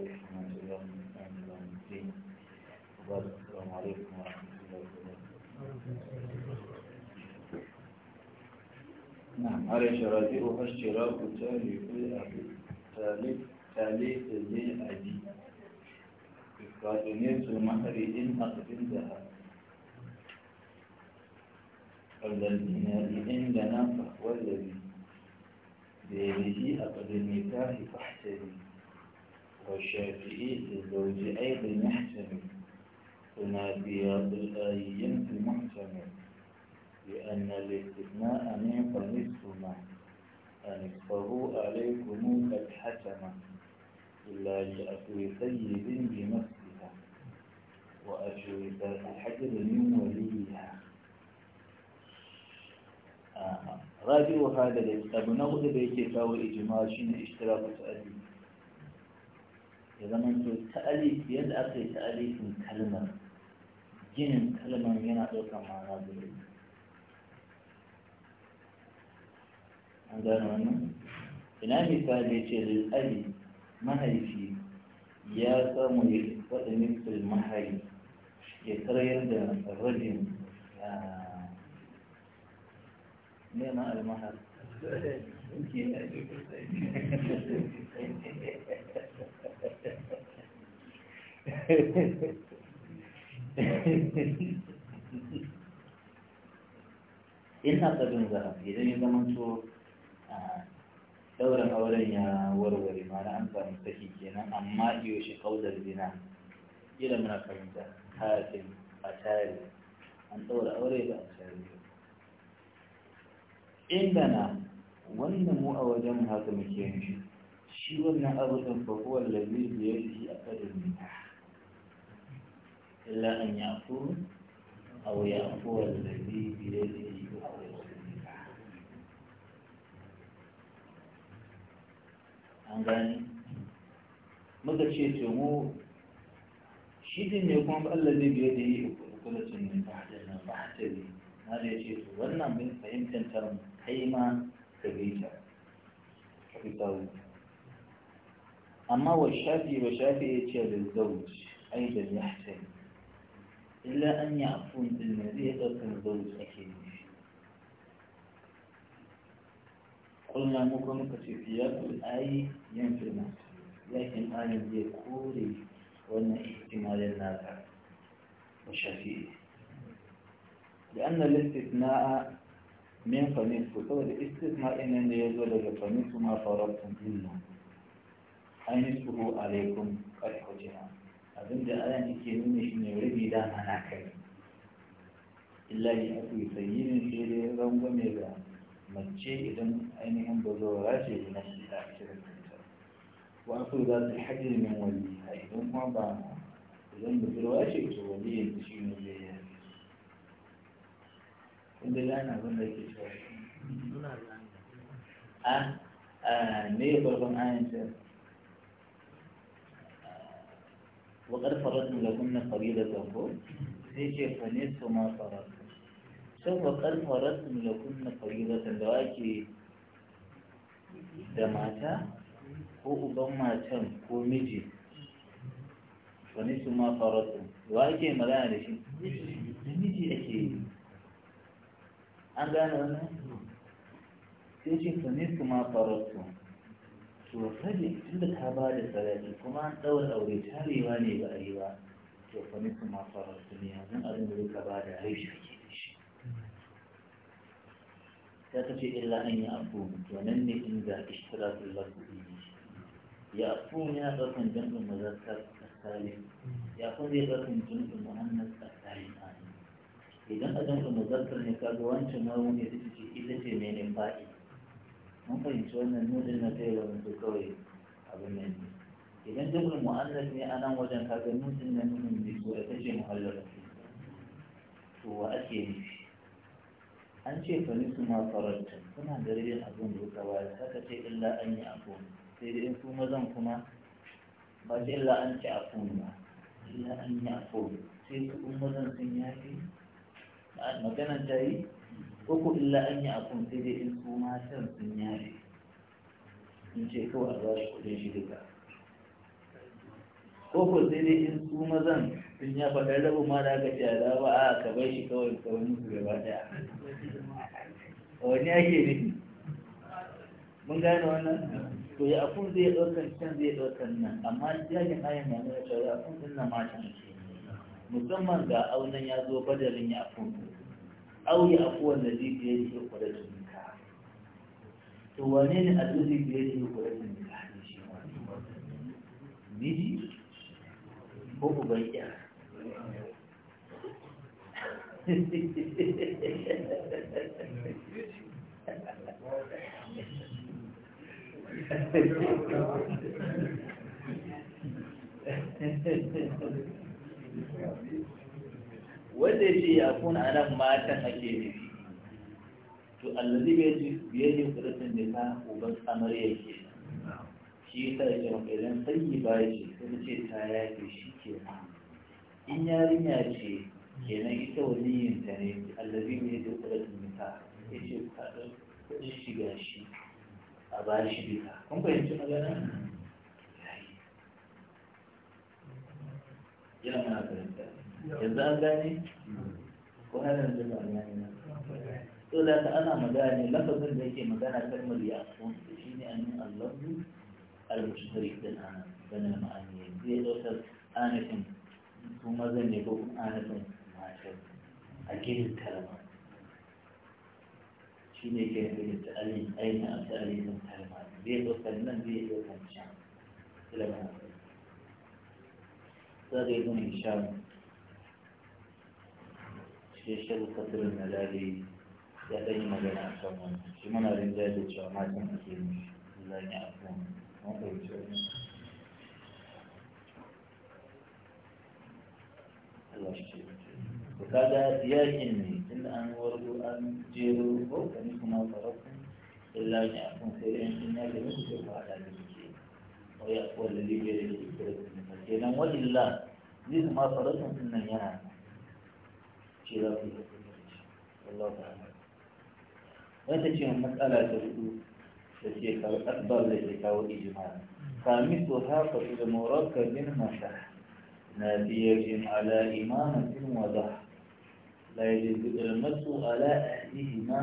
والحمد لله عليكم ورحمة الله وبركاته نعم على شرائعها اشتراك تالف تالف تالف للأبي إفراد نفس المهر إن أقدم ذهب الذين عندنا فهو الذي بيده أقدم نكاح فاحترم والشافعي للزوج أي بالمحسن هنا بياض الآيين في محسن لأن الاستثناء نعم نصفهما أن اكفروا عليكم قد حسن إلا جاءتوا سيد بنفسها وأشرفت الحجر من وليها آه. رابع هذا الأبو نغض بيكي فهو إجماع شين اشتراك تأدي يزمن تو تأليف يد أخي تأليف كلمة جن كلمة ينا دوكا مع هذا اللي عندنا هنا هنا في فادي شيل الألي ما هي فيه يا سامي وأنك في المحل يتريد الرجم يا ما المحل in asabin zahab idan ya zama to ɗaurin auren ya warware mana an samu saki kenan amma iyo shi kaudar zina ila muna fahimta kafin a tare an ɗaura aure ba a tare inda na wannan mu a wajen haka muke yin shi shi wannan abu ɗin fa huwa lazi biyar shi a kadin nita إلا أن يعفو أو يعفو الذي بيده أخرج أنغاني يعني ماذا شيء تمو شيء يقوم الذي بيده كل من بعدنا بعدي هذا شيء ولنا من فيمكن ترم حيما كبيرة كبيرة أما والشافي والشافي يتيا للزوج أيضا يحتاج إلا أن يعفون بالذي يتركن الزوج أكيد قلنا ممكن كشفيات الآية ينفي لكن آية دي كوري وأن احتمال النافع وشفيع لأن الاستثناء من قميصه فهو الاستثناء إن يزول لقميص ما فرضتم منه أي نصفه عليكم كالحجام abinda ayan yake nuna shi ne rabi da ana kai illa ne aka yi sayyirin shi ne rangwame ga mace idan ainihin ba zo rashe na shi da ake rikinta wa aka yi za su hajji min wali a idan kuma ba idan ba zo rashe to wali yanzu shi ne zai yi inda lana abin da yake cewa a ne ya farkon ayan cewa وقد فرضنا لهن فريضة sai ce fa su ma faratu sun wa kan faratu da kunna faridatan da ake da mata ko uban matan ko miji fa su ma faratu da ake magana da shi da miji ake yi an gane wannan sai ce fa su ma faratu to rabi tunda ta ba da sadaki kuma an ɗaura aure tarewa ne ba a yi ba to fa nisu ma fara su ne abin da duka ba da rai shi ke da shi ya ta ce illa an yi abu to nan ne inda ishtirakul lafi ya abu yana ɗaukan jam'in mazakkar salim ya kuma zai ɗaukan jam'in muhannas salim idan a jam'in mazakkar ne kaga wancan nawo ne ita ce ita ce mene fa'i mun fahimci wannan nudin na kai da wanzu kawai abu nan ne idan jabul mu'annas ne a nan wajen kaga nudin na nudin da ko da tace muhallar to wa ake nufi an ce fa nisu ma faranta suna da rabin abin da ka bayar saka ce illa an yi afu sai dai in su mazan kuma ba ce illa an ci afu ba illa an yi afu sai su mazan sun yafi maganar ta yi ko ko illa an yi abun sai dai in su matan sun yare in ce kawai a za su kudin shi duka ko ko sai dai in su mazan sun ya faɗa rabu ma da aka ce a za ba a ka bai shi kawai ka wani su gaba daya wani ake ne mun gane wannan to ya afun zai ɗaukar can zai ɗaukar nan amma jajin ayan ya nuna cewa ya afun ɗin na matan ke musamman ga aunan ya zo badarin ya afun auye afuwar da zai biya ce kula da to wane ne a zai biya ce kula da nika ne shi miji ko uban Thank you. wanda ya ce ya kuna a nan matan ake nufi to allazi bai ji biye ne kudatin da ta uban ya ke shi ta ya ce maka idan sanyi ba ya ce sai ce ta yafe shi ke in yarinya ce kenan ita yin ta ne allazi bai ji kudatin da ta ya ce ka ɗan shiga shi a ba shi bisa kun fahimci magana yana mana fahimta yanzu an gane ko har yanzu ba gane to da ta ana magana lafazin da yake magana kalmar ya kun shi ne an yi allahu al-mushrik din ana ganin ma'ani yanzu ya ɗaukar anafin su mazan ne ko kuma anafin matan a gidan kalma shi ne ke yanzu da ta'alin aina a ta'alin kalma zai ɗaukar nan zai ɗaukar can ilama zai ɗaukar can sai shirin kasirin na dare ya ɗan yi magana a kan wani shi muna rin jaje cewa matan ake ne zan yi a kan wani Allah shi ce kaga yakin ne tunda an wargo an jero ko kani kuma farakun illa ne a kan sai yan in ya da muke ko ala da muke wa ya ko da libya da ke kira kenan wa illa zai kuma farakun din nan yana shi za ku yi Allah ta'ala wata ce matsala ta hudu da ce karɓar da ke kawo ijima kami su haka su da morarka bin masa na biyar ala imamatin wada لا يجب المس على أهلهما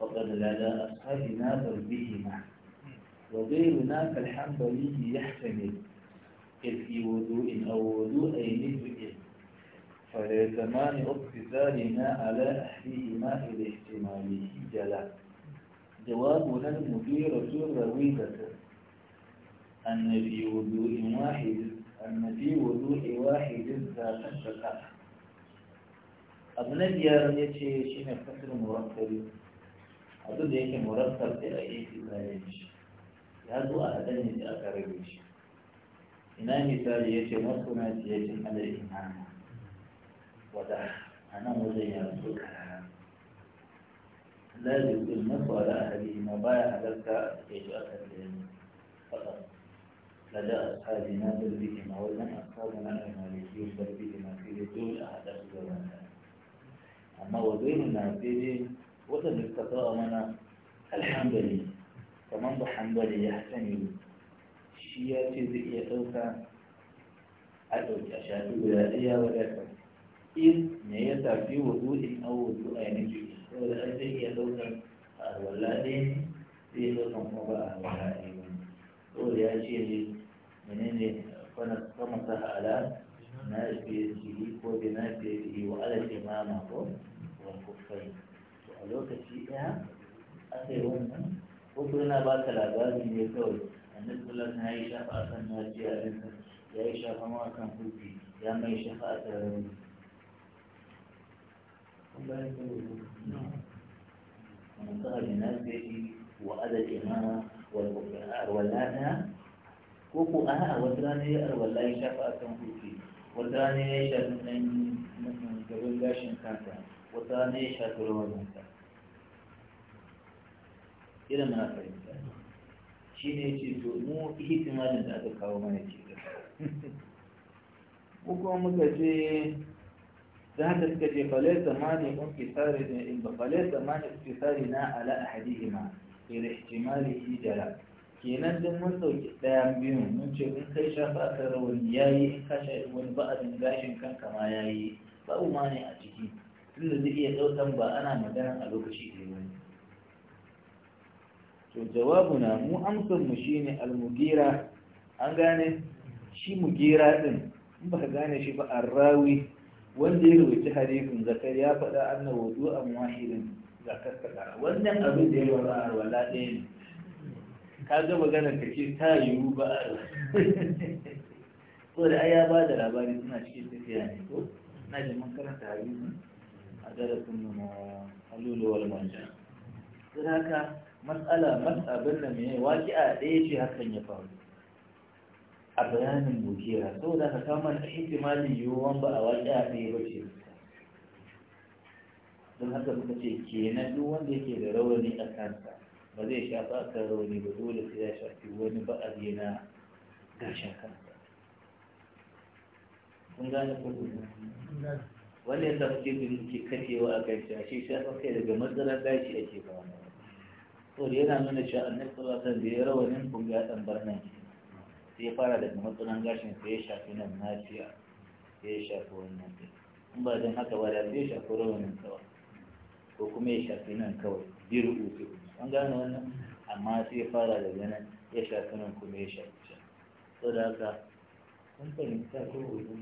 فقد لدى أصحابنا ضربهما وغيرنا كالحنبلي يحتمل إذ في وضوء أو وضوءين بإذن فليتمان اقتتالنا على أحدهما إلى احتماله جلا جوابنا المديرة رويدة أن في وضوء واحد أن في وضوء واحد ذات الشقاء أبنى ديار يتشي شين يفتر مرتب أبنى ديك مرتب تأيي في ذلك هذا أهدني تأكرر بيش مثال تالي يتشي مرتب يتشي على الإمامة wada a nan wajen ya zo karara la yi kun nasu ala ahali ma baya لدى أصحابنا بل بهما وزن أصحابنا المالكيين بل بهما في رجول أحدث زمانا أما وزيننا في وزن استطاع منا الحنبلي فمن بحنبلي يحتمل شيئا في ذئية أدوك أشياء بلا إياه ولا تنسى in me ya tafi wa wudu'in aw wudu'a ne ke saboda an zai iya daukar alwala ne zai daukan kuma ba alwala ne ba saboda ya ce ne menene fana kama ta ala na fiye jiri ko bi na fiye jiri wa ala ma ko wa kufai to a lokaci ɗaya aka yi wannan ko na ba ka labarin ne kawai annabi sallallahu alaihi wasallam ya yi shafa akan najiya ɗinsa ya yi shafa ma akan kufi ya mai shafa a rauni ƙasar jinafe wa adadi ma arwallata ko ko a a wata rana ya ya shafa a kan kuki wata rana ya shafi nan mutum gabin gashin kanta wata rana ya shafi rawar irin na fahimta shi ne ce to mu hitimalin da aka kawo mana ce ko kuma muka je. da haka suka ce falai zamani un kisari ne in ba falai zamani kisari na ala ahadihima ila ihtimali hijara kenan duk mun sauki ɗaya biyun mun ce in kai shafa ka rawani yayi in ka shafi wani ba'adin gashin kanka ma yayi ba ma ne a ciki tunda zai iya ɗaukan ba ana magana a lokaci ɗaya wani to jawabuna mu amsar mu shine almugira an gane shi mugira din in ba gane shi ba arrawi wanda ya rubuci hadisin zakar ya faɗa anna wudu an wahidin zakar sakara wannan abin da ya wara arwala ɗaya ne ka ga magana ka ce ta yiwu ba a ko da ayya ya ba da labari suna cikin tafiya ne ko na ji mun karanta hadisin a darasin mu na halulu wal manja sai haka matsala matsabin da mai waƙi a ɗaya ce hakan ya faru a bayanin bukera saboda ka kamar ihtimalin yiwuwan ba a a ɗaya ba ce don haka suka ce kenan duk wanda yake da rawani a kanta, ba zai shafa a kan rawani ba dole sai ya shafi wani ba'azi na gashin kanta. kun gane ko wanda ya samu ke ke kashewa a kan shi shi shafa kai daga matsalar gashi ake wani. to yana nuna cewa annabi sallallahu alaihi wasallam da ya rawanin kun ga dan barnan sai ya fara daga matsalan gashin sai ya shafi nan na nafiya sai ya shafi wannan kai in ba zan haka ba da sai ya shafi rawanin kawai ko kuma ya shafi nan kawai biyu rubutu an gane wannan amma sai ya fara daga nan ya shafi nan kuma ya shafi can so da haka kun fahimta ko hudu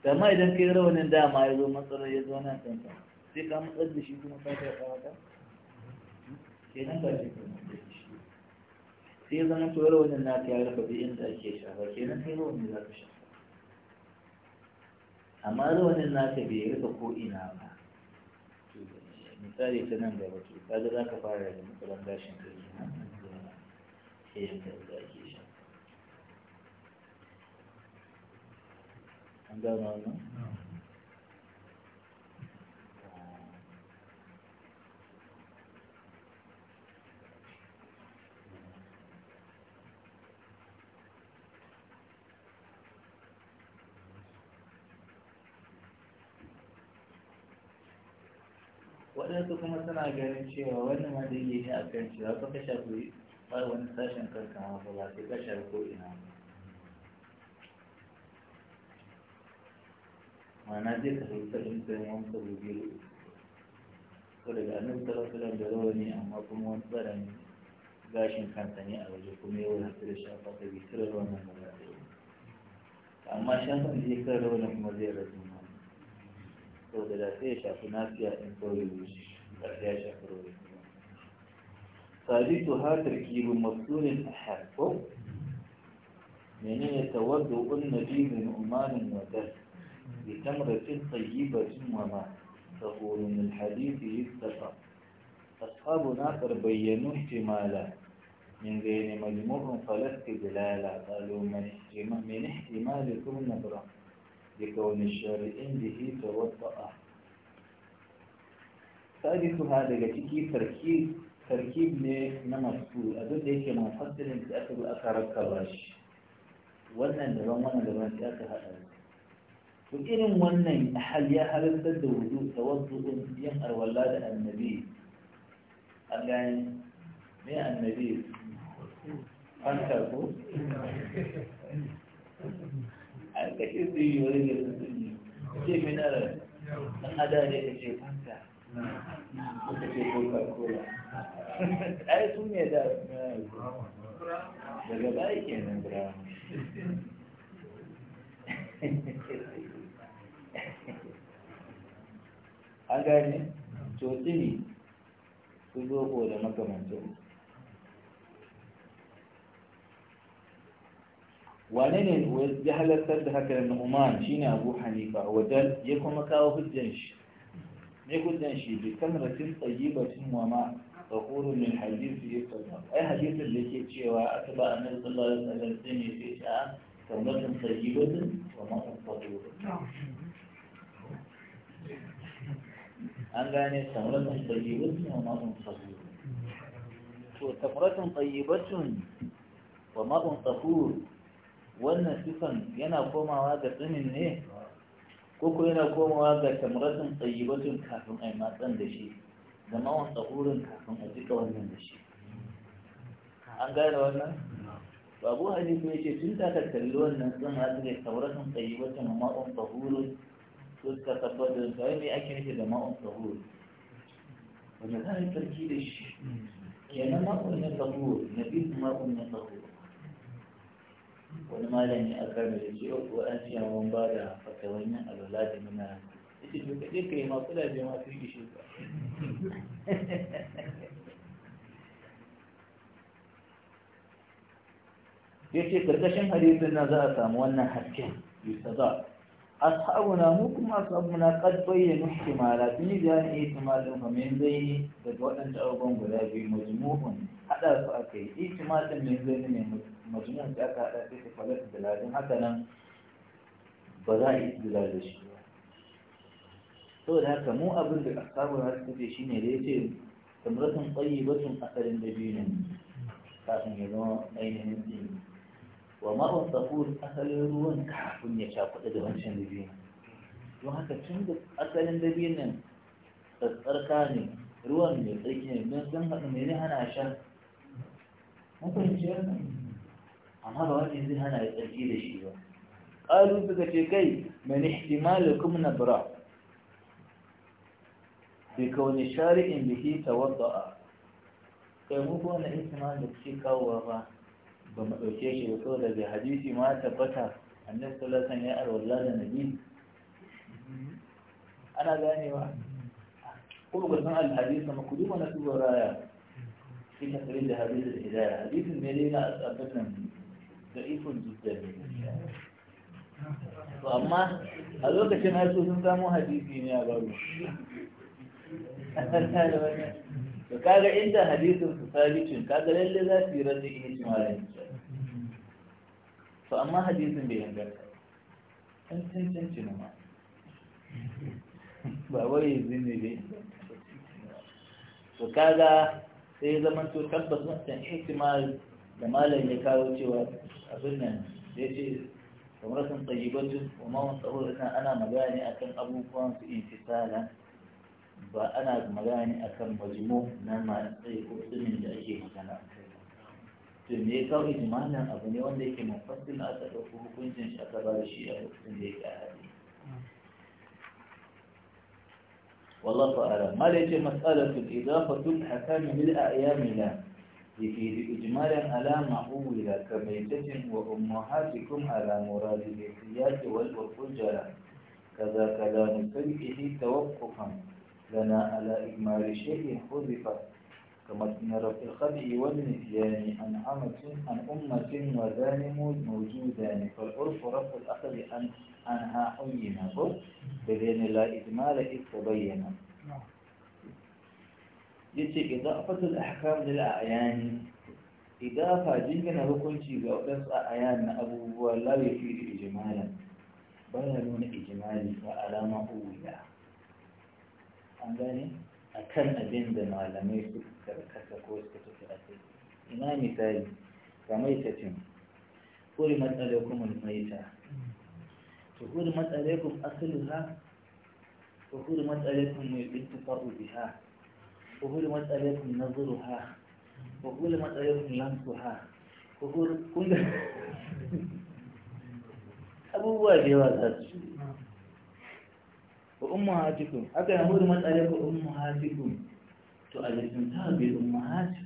amma idan kai rawanin dama ya zo matsalar ya zo nan tantan sai ka matsar da shi kuma ka shafa kawata. kenan ba shi kuma da shi sai zama tsoro wajen na ta yarfa bi inda ake shafa kenan sai yau wani za ka shafa amma na naka bai rika ko ina ba misali ta nan gaba to kaga za ka fara da matsalan gashin kai sai yanka da ake shafa an gano wannan waɗansu kuma suna ganin cewa wannan ma ne a kan cewa ba ka shafi ba wani sashen kanka ma ba ba sai ka shafi ko ina ma'ana zai ka sauka ɗin kan wani sabu biyu ko daga annabi sallallahu da rawa ne amma kuma wani tsaron gashin kansa ne a waje kuma yau na da shafa ta bitar wannan ba za ta amma shafan da ya kan rawa kuma zai rasu ma saboda da sai ya shafi nafiya in kawai wuce الراجع بروي ثالثها تركيب مفتون أحب من يتوضع النبي من أمان ودس بتمرة طيبة وما تقول من الحديث يتفق أصحابنا قد بينوا احتمالا من غير مجموع فلا استدلالا قالوا من احتمال من نبرة لكون الشارعين به توطأ ثالث هذا التي تركيب تركيب لنمسكو أدد ليس منفصل أن تأثر الأثار الكراش وأن الرومان لما تأثر هذا وإن من أحل يا هذا السد وجود توضؤ ينقر ولاد النبي أم يعني ما النبي أنتبه أنت كيف يريد أن تسلم كيف نرى أن هذا ليس شيء suka ce ai su ne da daga kenan an gane su da makamancin wane ne ya halartar da haka da shine abu hanifa wajen ya kuma kawo hujjan shi ne gudan shi bi kamratin tayyibatin wa ma tsakurun min hadisi ya sauya ai hadisin da ke cewa aka ba annabi sallallahu alaihi wasallam sai ne sai ta kamratin tayyibatin wa ma tsakurun an gane kamratin tayyibatin wa ma tsakurun to kamratin tayyibatin wa ma tsakurun wannan sifan yana komawa ga tsinin ne ko ko yana komawa ga tamratin tsayyibatin kafin a yi matsan da shi zama wa tsahurin kafin a jika wannan da shi an gane wannan babu hadisi ko ce tun ta kalli wannan sun hasu ne tamratin tsayyibatun ma'un tsahurin su ka tabbatar da wani ake nufi da ma'un tsahurin wanda za a yi tsarki da shi yana ma'un ya tsahur na biyu ma'un ya wani malami a kano ya ce yau kuwa an ciya mun ba da fatawan yin alwala da muna ce to kaɗe ka yi ma kula masu ma sun ba ya ce karkashin hadisin na za a samu wannan hasken Yusa za yusaza ashabuna mu kuma ashabuna qad bayyana tuni bi zan ihtimal din kuma min zaini daga waɗanda abubuwan guda biyu majmu'un hada su akai ihtimal din min zaini ne mutu. majnun da aka haɗa sai ka falata da haka nan ba za a yi dila da shi ba saboda haka mu abin da asabar haske ce shine da ya ce tamratun tsayibatun asalin da biyu ne kafin ya zama ainihin tsini wa ma'un tsakul asalin ruwan kafin ya shafaɗa da wancan da biyu don haka tun da asalin da biyu nan tsarka ne ruwan mai tsarki ne don sun haɗu mai ne hana shan mun fahimci yadda هذا هو الإنزل هنا الجيل الشيوة قالوا بكتكي من احتمال لكم نبرا بكون شارع به توضع قاموا بوانا احتمال لكتكا وغا بمأوشيش يقول لدي حديثي ما تبتا أن يقول لك أن يأل والله لنبي أنا داني واحد قلوا بسنع الحديث ما كدوما نتوى رايا في تقريب لحديث الهداية حديث المدينة أسأل بسنع da ikon jidda ne to amma a lokacin haiku sun samu hadisi ne a baro to kaga inda hadisin su sabitin kaga lalle za su yi rarri in ci mara yin to amma hadisin bai inganta can can can ci ma ba wai yanzu ne to kaga sai zaman to tabbas wancan ihtimal da malam ya kawo cewa abin nan da ya ce kamar sun batu wa mawan tsaro da ana magana ne kan abubuwan su intisala ba ana magana ne kan majmu na matsayi ko tsumin da ake magana to me ya kawo nan abu ne wanda yake mafassil aka ɗauko hukuncin shi aka ba da shi a hukuncin da yake a haɗe والله تعالى ما ليش مسألة الإضافة تبحث من الأعيان لا يفيد إجمالا على معولة كبيتة وأمهاتكم على مراد الإحتياج والفجر كذا كلام سيئه توقفا لنا على إجمال شيء حذف كما إن في الخلع والنسيان عن أمة عن أمة وذان موجودان فالعرف رفض الأخذ عنها عين بل لا إجمال إذ تبين yace idafatul ahkam lil ayani idafa jingina hukunci ga wadansu ayan na abubuwa la yafidu ijmalan baya nuna ijmali ba alama uwuya an gane akan abin da malamai su karkata ko suka tafi a kai ina misali ga maitacin kuri matsalaikun maita to kuri matsalaikun asaluha ko kuri matsalaikun mai bintu faru biha وهول عليكم نظرها وهول عليكم لمسها وهول كل abubuwa da yawa za su wa umma hajjikun aka yi hudu matsare ku umma hajjikun to a jikin ta bi umma hajji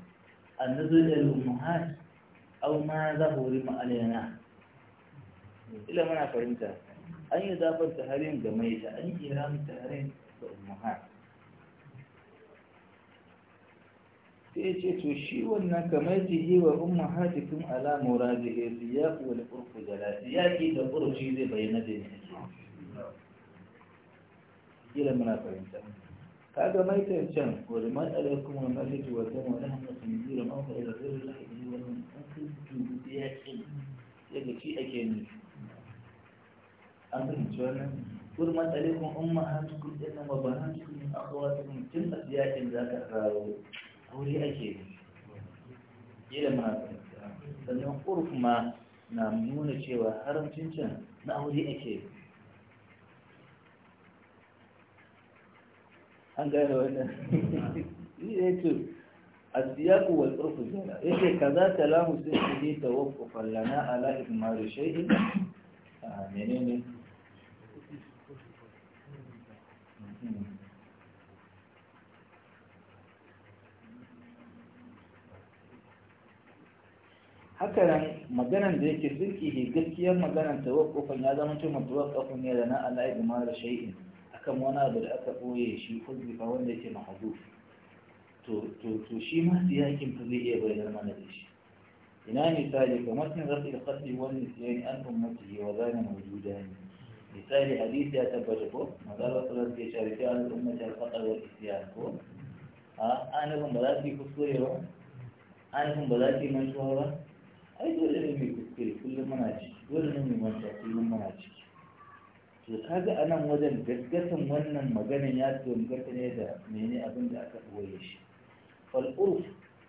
a nazarin umma hajji au ma za ku wuri ma'alayana ila mana fahimta an yi zafar taharin ga mai ta an yi ramin taharin ga umma hajji sai ce to shi wannan kamar yi wa umma hajjikin ala muradihi siyaqi ya urfu wani ƙurfi da ƙurfi zai bayyana da ne kila muna fahimta kaga mai tantan wa matsala kuma wa malik wa wani wa nahnu tunzira ma huwa ila ghayri allahi wa man kuntu bi yaqin yadda shi ake ne an fahimci wannan kurman alaikum umma hajjikin dinnan wa banatukum akhawatukum tun asiyakin zaka rawo aure ake yi ila ma sannan urf ma na nuna cewa haramcin can na aure ake yi an gane wannan shi ne to a ah, menene haka nan maganan da yake sirki gaskiyar maganan tawakkufan ya zama cewa tawakkufan ne da na Allah ya mara shay'in akan wani abu da aka ɓoye shi kuzifa wanda yake mahzuf to shi ma yakin fa zai iya bayyana mana da shi ina misali kamar sun rafi da kasi wani siyan an ummati wa zana mawjuda ne misali hadisi ya tabbata ko magana sallallahu alaihi wasallam ya shari'a al ummati al faqr wal isyan ko a anabun ba za su yi kuskure ba anabun ba za su yi mantuwa ba ai dole ne mai kuskure kullum muna ciki dole ne mai manta kullum muna ciki to kaga a nan wajen gaskatan wannan maganin ya danganta ne da mene abin da aka koye shi fal urf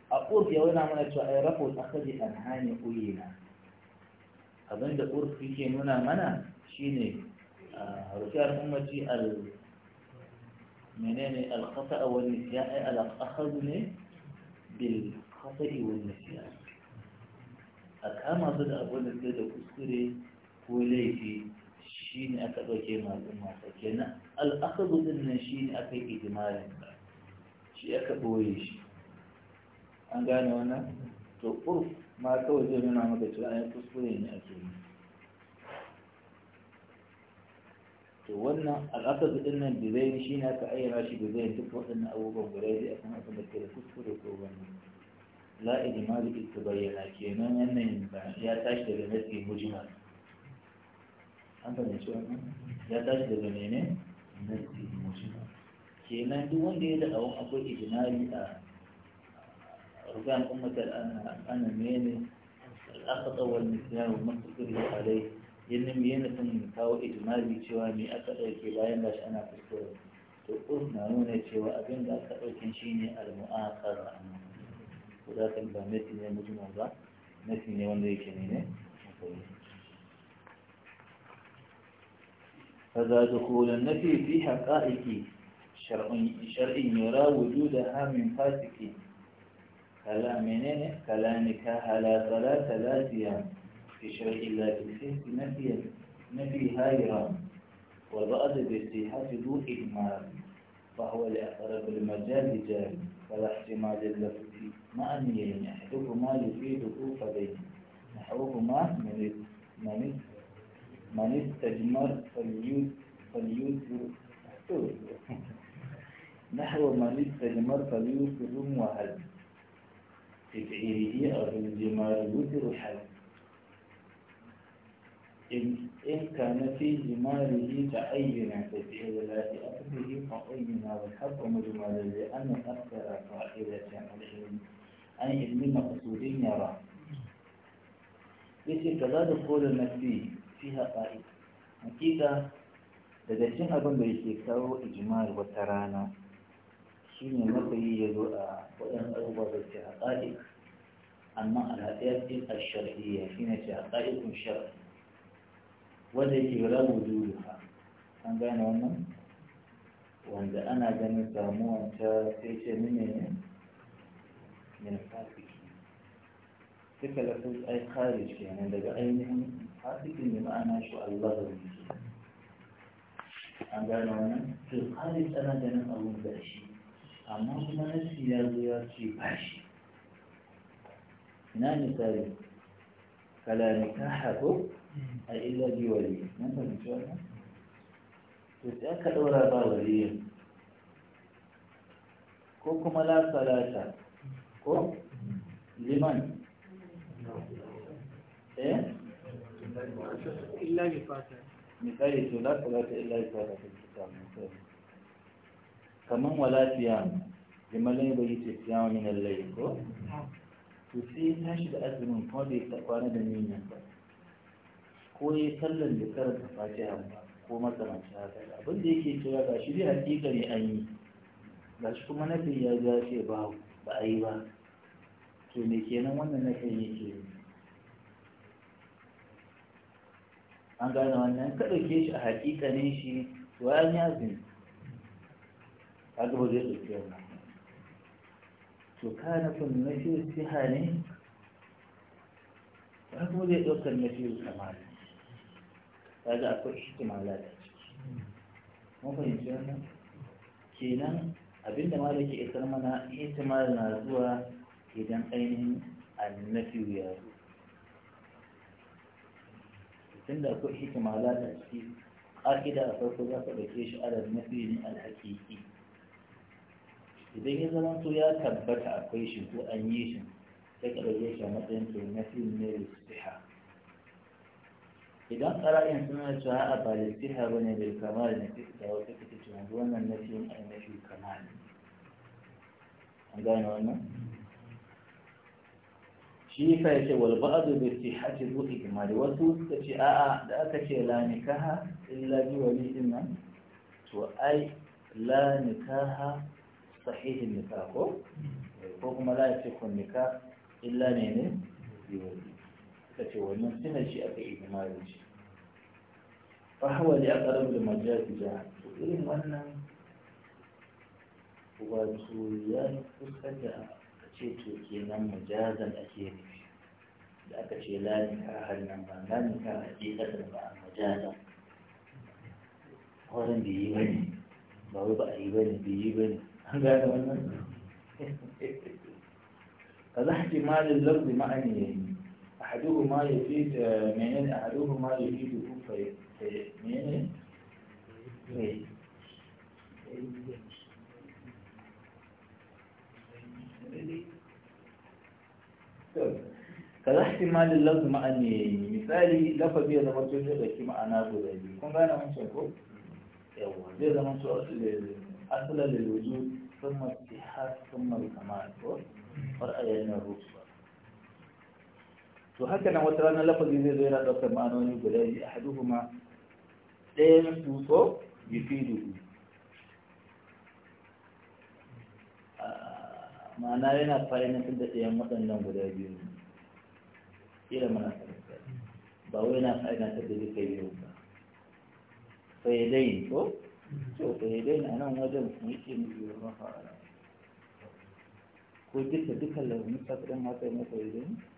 a urf ya wani mana cewa ai rafo akadi an hanya uyina abin da urf yake nuna mana shine rufiyar ummati al menene al khata wal nisyan ai al akhadhu ne bil khata wal nisyan a kama su da abin da suke da kuskure ko laifi shi ne aka ɗauke masu mata kenan al'akazu ɗin nan shi ne aka yi ba shi aka ɓoye shi an gane wannan to ƙurf ma kawai zai nuna maka cewa an kuskure ne a yi to wannan al'akazu ɗin nan bizayin shi ne aka ayyana shi bizayin duk waɗannan abubuwan guda biyu akan abin da ke da kuskure ko wannan. za'idi ma zai ta bayyana kenan yanayin ya tashi daga nasi mujmal an fahimci wannan ya tashi daga mene nasi mujmal kenan duk wanda ya da'awun akwai ijinari a rugan ummatar ana mene al'akata alai yana yana sun kawo ijimari cewa me aka ɗauke bayan gashi ana kuskure to na nuna cewa abin da aka ɗaukin shine al-mu'aqara da haka ba nasi ne mujmal ba nasi ne wanda yake ne هذا دخول النفي في حقائق شرع يرى وجودها من فاسق كلا منين كلا نكاح لا صلاة لا صيام في شرع الله بالحس نفيا نفي هايرا وبعد بالصحة ذو إجمال فهو لأقرب المجال جاري ولا احتمال اللفظ مع نيين أحدهما يفيده فبين نحوهما من من من استجمر فليوت فليوت نحو من استجمر فليوت وهل في فعله أو الجمال يوتر حل إن كان في جماله تعين ففعل لا لأخذه تعين والحق مجمل لأن أكثر فائدة العلم عن علم مقصود يرى yace ka za da kolin nafi fi haƙa'i hakika daga cin abin da yake kawo ijimar wata rana shi ne mafi ya zo a waɗansu abubuwa da ke haƙa'i amma a haɗe a shari'iyya shi ne ce haƙa'i kun shari'a وجهك ولا وجودك أنا جاي نوما وأنت أنا جاي نسامو أنت كيش مني من فاتك كيف لفوت أي خارج يعني أنت جاي نهم فاتك إني ما أنا شو الله ربي أنا جاي نوما في الخارج أنا جاي نسامو أنت أشي أما هم ناس في الأرض يأتي باشي نعم نتاري فلا نكاحكم a illa bi wali na fahimci wannan to sai aka ɗora ba waliyin ko kuma la salata ko liman eh illa bi fata misali to la salata illa bi fata ta kitab kaman wala siyam liman bai yi siyam min al-layl ko to sai tashi da azumin kuma bai kwana da niyyar ba ko ya sallan da karanta fatiha ko makamancin haka abin da yake cewa ga shi dai hakika ne an yi ga shi kuma nafin ya ja ce ba ba a yi ba to me kenan wannan na kan yake an gane wannan ka ɗauke shi a ne shi to ya yi azumi A ba zai ɗauki wannan to ka na nafi siha ne ba kuma zai ɗaukar nafi kamar kaga akwai ihtimalat mun fahimci wannan kenan abinda ma da ke isar mana ihtimal na zuwa idan ainihin annabi ya zo tun da akwai ihtimalat a ciki akida a farko za ka ɗauke shi alal nafi ne alhaƙiƙi idan ya zama to ya tabbata akwai shi ko an yi shi sai ka ɗauke shi a matsayin to nafi ne da siha idan ƙara'in suna cewa a palestina ba ne bai kama da na da wata fita cewa wannan na fiye a na fi kama ne an gane wannan shi fa ya ce wal bai bi sihhati zu ijmali wasu suka ce a'a da aka ce la nikaha illa bi wa din nan to ai la nikaha sahihin nikah ko ko kuma la kun nikah illa ne ne bi فهو المنتج في إيمانه فهو لأقرب المجاز جاهد وإن أن ودخوليات فسكة أتيتو كينا مجازا أتيني لأك شلال كاهل نمبا لن كاهديك تنبا مجازا ورن بيباني بابا بأيباني بيباني هنگانا ونن فلحتي مال اللغز معنيين أحدهما يفيد آه، منين أحدهما يفيد فوق في في منين طيب. كذا احتمال اللفظ معني مثالي لفظ بيه لما تقول لك ما أنا أقول لك كم غانا من شكو؟ يوه بيه لما تقول أصل للوجود ثم اتحاد ثم الكمال فرأي أن الرسل فهكذا وترانا لفظ يزيد ذلك معنوني بلاي أحدهما ثين سوسو يفيده آه، معنى لنا فاينة سنة ايام مطن لن بلاي يوم إلى مناسبة باوينا فاينة سنة لكي يوم فيدين سو سو فيدين أنا مجم سميكي مجيو رفع على كل جسد دكال لهم نفسك لما تيمو فيدين فيدين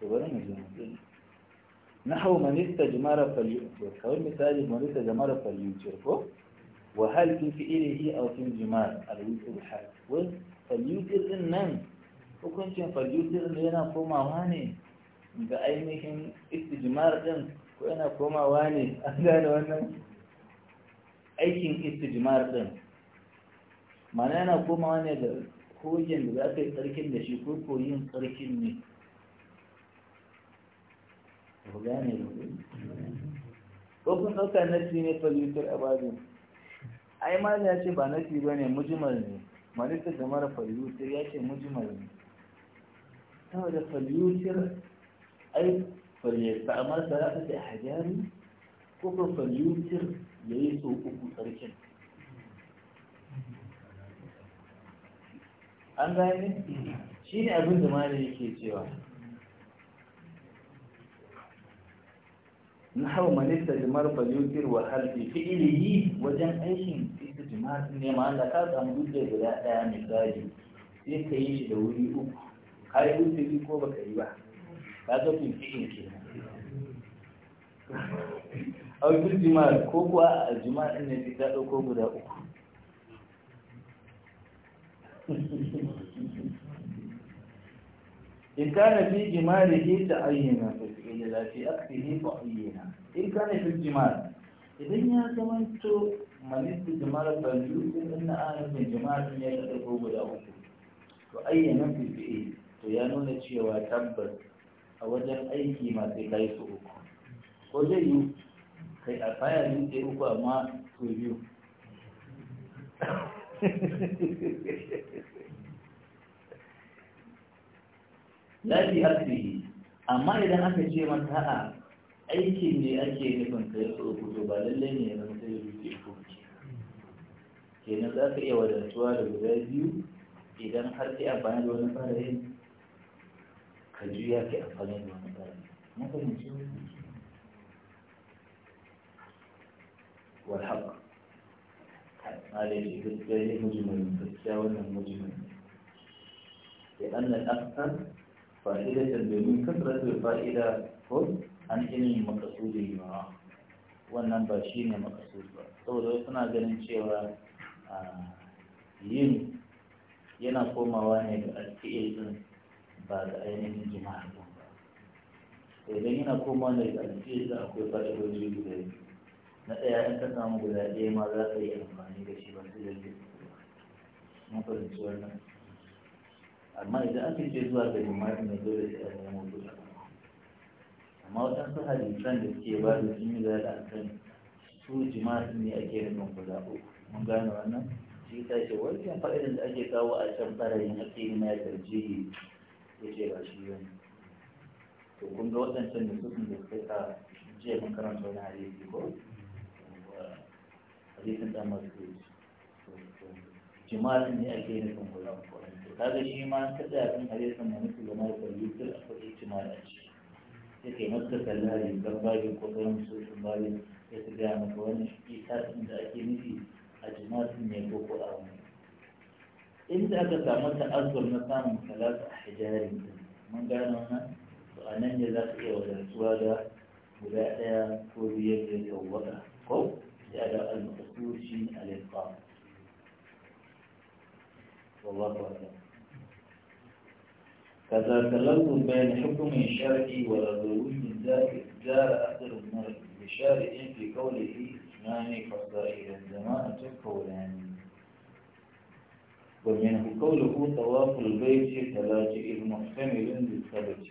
خبرنا جمعنا نحو من استجمار فاليوتيوب خبر مثال من استجمار فاليوتيوب وهل كنت في إليه أو في جمار الويتيوب حاج فاليوتيوب إنن وكنت في فاليوتيوب لنا فوما واني بأيمهم استجمار إن وأنا فوما واني أهلا وانا أي كن استجمار إن معنى أنا فوما واني هو جن بأكل تركين لشيكوكو ين تركين ku gane ko kun ɗauka nafi ne falyutar ababin ai ma ya ce ba nafi ba ne mujimar ne malika da mara falyutar ya ce mujimar ne saboda falyutar ai falyutar amma salata da hajjari ko ko falyutar ya yi so uku tsarkin an gane shi ne abin da malin yake cewa نحو من استجمار فليوتر وحل في فعله وجن أيشين في استجمار إنما أن كاد أن guda بلا أهم الزاجي sai ka yi shi da wuri uku ka yi wuturi ko baka yi ba ka ga fifi'in ke aukin jima'ar ko kuwa a jima'ar ne sai ta ɗauko guda uku in fi jima'ar da ke ta ayyana muqayyada fi aqdihi mu'ayyana in kana fi jimal idan ya zamanto manistu jimal bandu din inna ana sun ya kada ko guda uku to ayyana fi fi'i to ya nuna cewa tabbas a wajen aiki ma sai kai su uku ko zai yi kai a faya ne sai uku amma su biyu la fi asiri amma idan aka ce mata a aikin ne ake nufin ka yi tsoro ba lallai ne na mutum ya rufe ko kenan za ka iya wadantuwa da guda biyu idan har sai amfani da wani fara yin ka juya ke amfani da wani fara na fahimci walhaq malai gaskiya ne mujimin gaskiya wannan mujimin ya ɗan nan فائدة domin da fa'ida ko an ilmi makasudin yawa wannan ba shi ne makasud ba saboda suna ganin cewa yin yana komawa ne ga alfi'il din ba ga ainihin jima'a ba idan yana komawa ne ga alfi'il din akwai fa'idoji guda biyu na ɗaya in ka samu guda ɗaya ma za ka yi amfani da shi ba su da ba mun fahimci wannan amma idan aka ce zuwa ga limani mai dole sai an da dole amma waɗansu hadisan da suke ba da sun yi zaɗa a kan su jima'i ne ake nufin ku ko mun gane wannan shi ta ce wancan fa'idan da ake kawo a can yin ake yi na tarjihi ya ce ba shi yau to kun ga waɗancan da su da suka sa jiya makaranta karanta wani hadisi ko hadisin ɗan masu جمال من أكينكم ولا هذا شيء ما نكتب لكن حديث من كل ما يتريد الأخذ جمال أشياء لكي نذكر الله يذكر باقي القرآن سورة باقي يتبع مكوان إيثار من أكين في أجمال من يكون قرآن إن ذاك تعمل أصغر مثلا من ثلاث أحجار من قال هنا أن يذاك يوجد سواد ولا يا كوريا يوجد وضع قو هذا المقصود شيء على القامة والله أعلم فإذا تلوث بين حكم الشرعي والغلو من ذلك جاء أثر المرء بشارع في قوله اثنان فصائل زمان تقولان ومنه قوله طواف البيت كلاجئ محتمل للثبت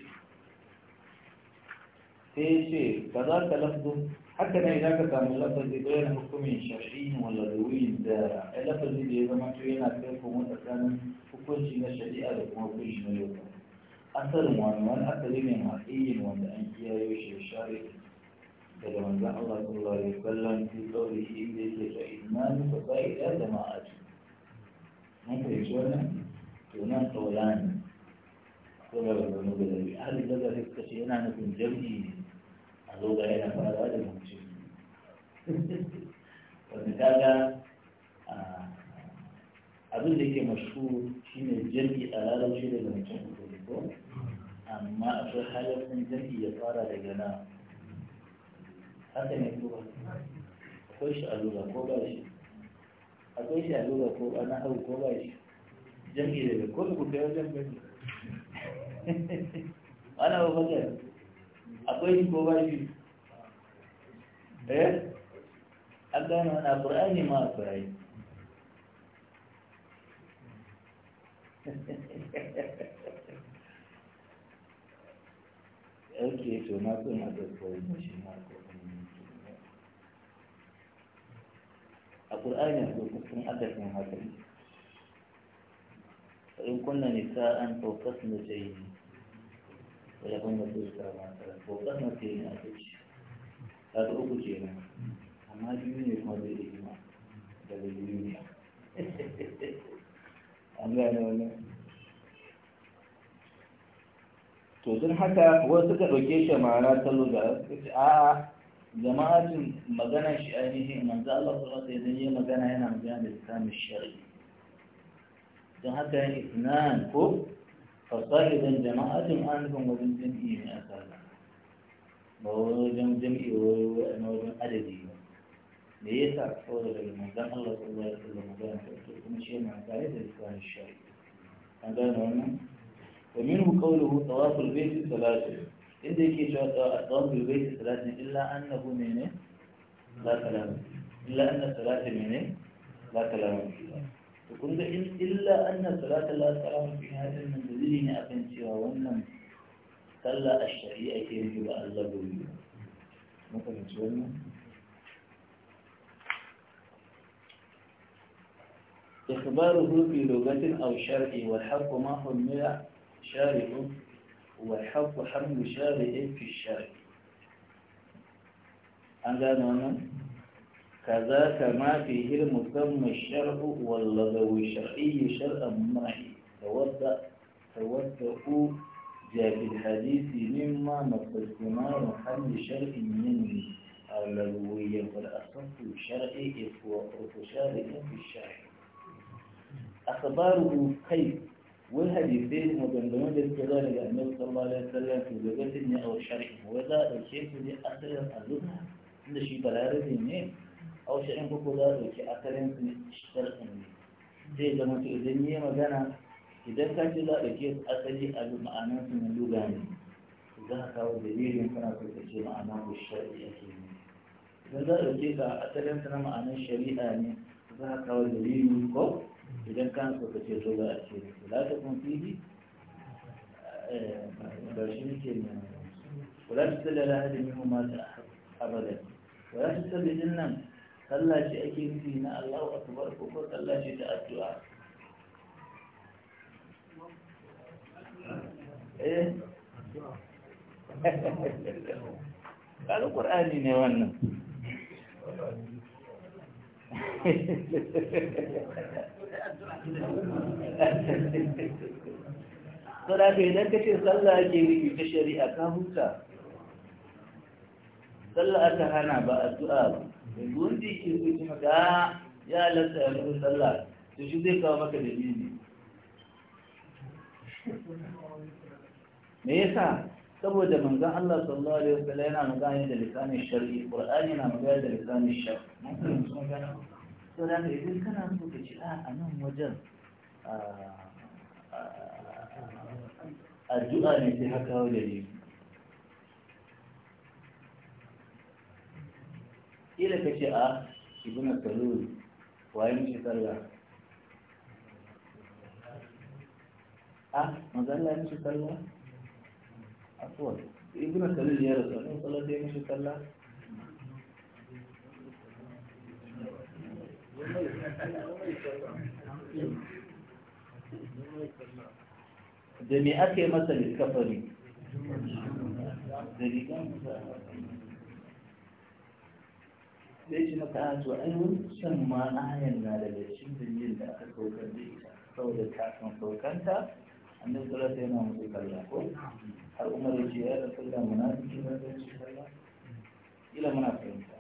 في شيء كذا تلفظ حتى ما إذا كان اللفظ بين حكم شرعي ولا دوين ذوي اللفظ إذا ما تبين أكثركم وتكان حكم شرعي أو حكم شرعي أثر معنوان أثر من حقيقي وأن أنكيا يوشي الشارع كما قال الله صلى الله عليه وسلم في قوله إليك فإدمان فقائد آدم أجل ممكن طولان كل هذا قولان قولان هذه الذي تكشينا نكون جمعي a zo gare na farawa da mace wanda kaga abin da yake mashu shi ne jirgi a larabci daga mutum ko amma akwai halattun jirgi ya fara daga na haka ne ko akwai shi a lura ko ba shi akwai shi a lura ko ba na hau ko ba shi jirgi daga ko da kuka wajen bane ana ba bagar أبوين كوباشي إيه أبوين أنا قرآني ما أقرأي أوكي شو ما كنا بقول مش ما كنا القرآن يقول كن أدب من هذا إن كنا نساء فوقسن جيد rabon da su suka mata kokar mace ne a zuci ta ta ce nan amma biyu ne kuma zai yi ma daga biyu ne an wani to don haka wasu ka ɗauke shi ma'ana ta lugara suka ce a'a jama'atin magana shi ainihin manzo Allah sallallahu alaihi wasallam yi magana yana magana da tsamin shari'i don haka ne isnan ko فصاعدا جماعة أنكم وزن جمعي من أسرع وجم جمعي وجم عددي ليس أكثر لما الله صلى الله عليه وسلم وجم فأتركم شيء مع كاريز الإسلام الشريف هذا نوعنا ومنه قوله طواف البيت الثلاثة إذا كي شاءت طواف البيت الثلاثة إلا أنه منه لا كلام إلا أن الثلاثة منه لا كلام فيها وكنت حلم إلا أن صلاة الله سلام في هذا المنزلين أبن سوى ونم تلا الشريعة يجب أن لا بولي مثلا سوى إخباره في لغة أو شرع والحق ما هو الملع شارع والحق حمل شارع في الشارع عندنا نعم كذا كما فيه المسمى الشرع واللغو الشرعي شرعا معي توضأ توضأ جاء في الحديث مما مقدمة محل شرع مني اللغوية والأصل الشرعي وتشارع في الشرع أخباره كيف والحديثين مدندمون للكلام إلى النبي صلى الله عليه وسلم في لغة أو شرع وذا الشيء الذي أصلا اللغة عند شيء بلارة او شيء ان بوكو دارو شيء اكرم من الشتر اني زي لما تؤذني ما جانا اذا كان جدا اكيد اتجي ابو معنى من لوغاني اذا كاو دليل ان كان كنت شيء معنى الشرع يكيني لذا اكيد اتلم تنا معنى الشريعه يعني اذا كاو دليل كو اذا كان كنت شيء لوغا اكيد لا تكون فيه آه، برشيني كلمة ولا تستل على هذه المهمات أبدا ولا تستل بإذن الله sallah ce ake nufi na Allahu akbar ko ko sallah ce ta addu'a eh kalu qur'ani ne wannan Sada idan ka ce sallah ake nufi ta shari'a ka huta sallah aka hana ba addu'a ba yanzu wanda ke so ki haka ah, ya halatta ya mutu sallah to shi zai kawo maka dalili me yasa saboda manzon Allah sallallahu alaihi wasallam yana magana da lisanin shar'i qur'ani na magana da lisanin shar'i to da ka idan kana so ka ci ah, a nan wajen ah, addu'a ne sai haka dalili kila ka ce a ah, ibn al salul waye ne mishi sallah a ah, mazalla ne ya mishi a afwan ibn al salul ya rasu annabi sallallahu ne mishi sallah da me ake masa likafari da rigan sai ce maka a to ai wani can ma ayan na da cikin dalilin da aka saukar da ita saboda kafin saukanta annabi sallallahu alaihi yana musu kalla ko har umar ya ce ya rasul da munafiki ba zai ci kalla ila muna fahimta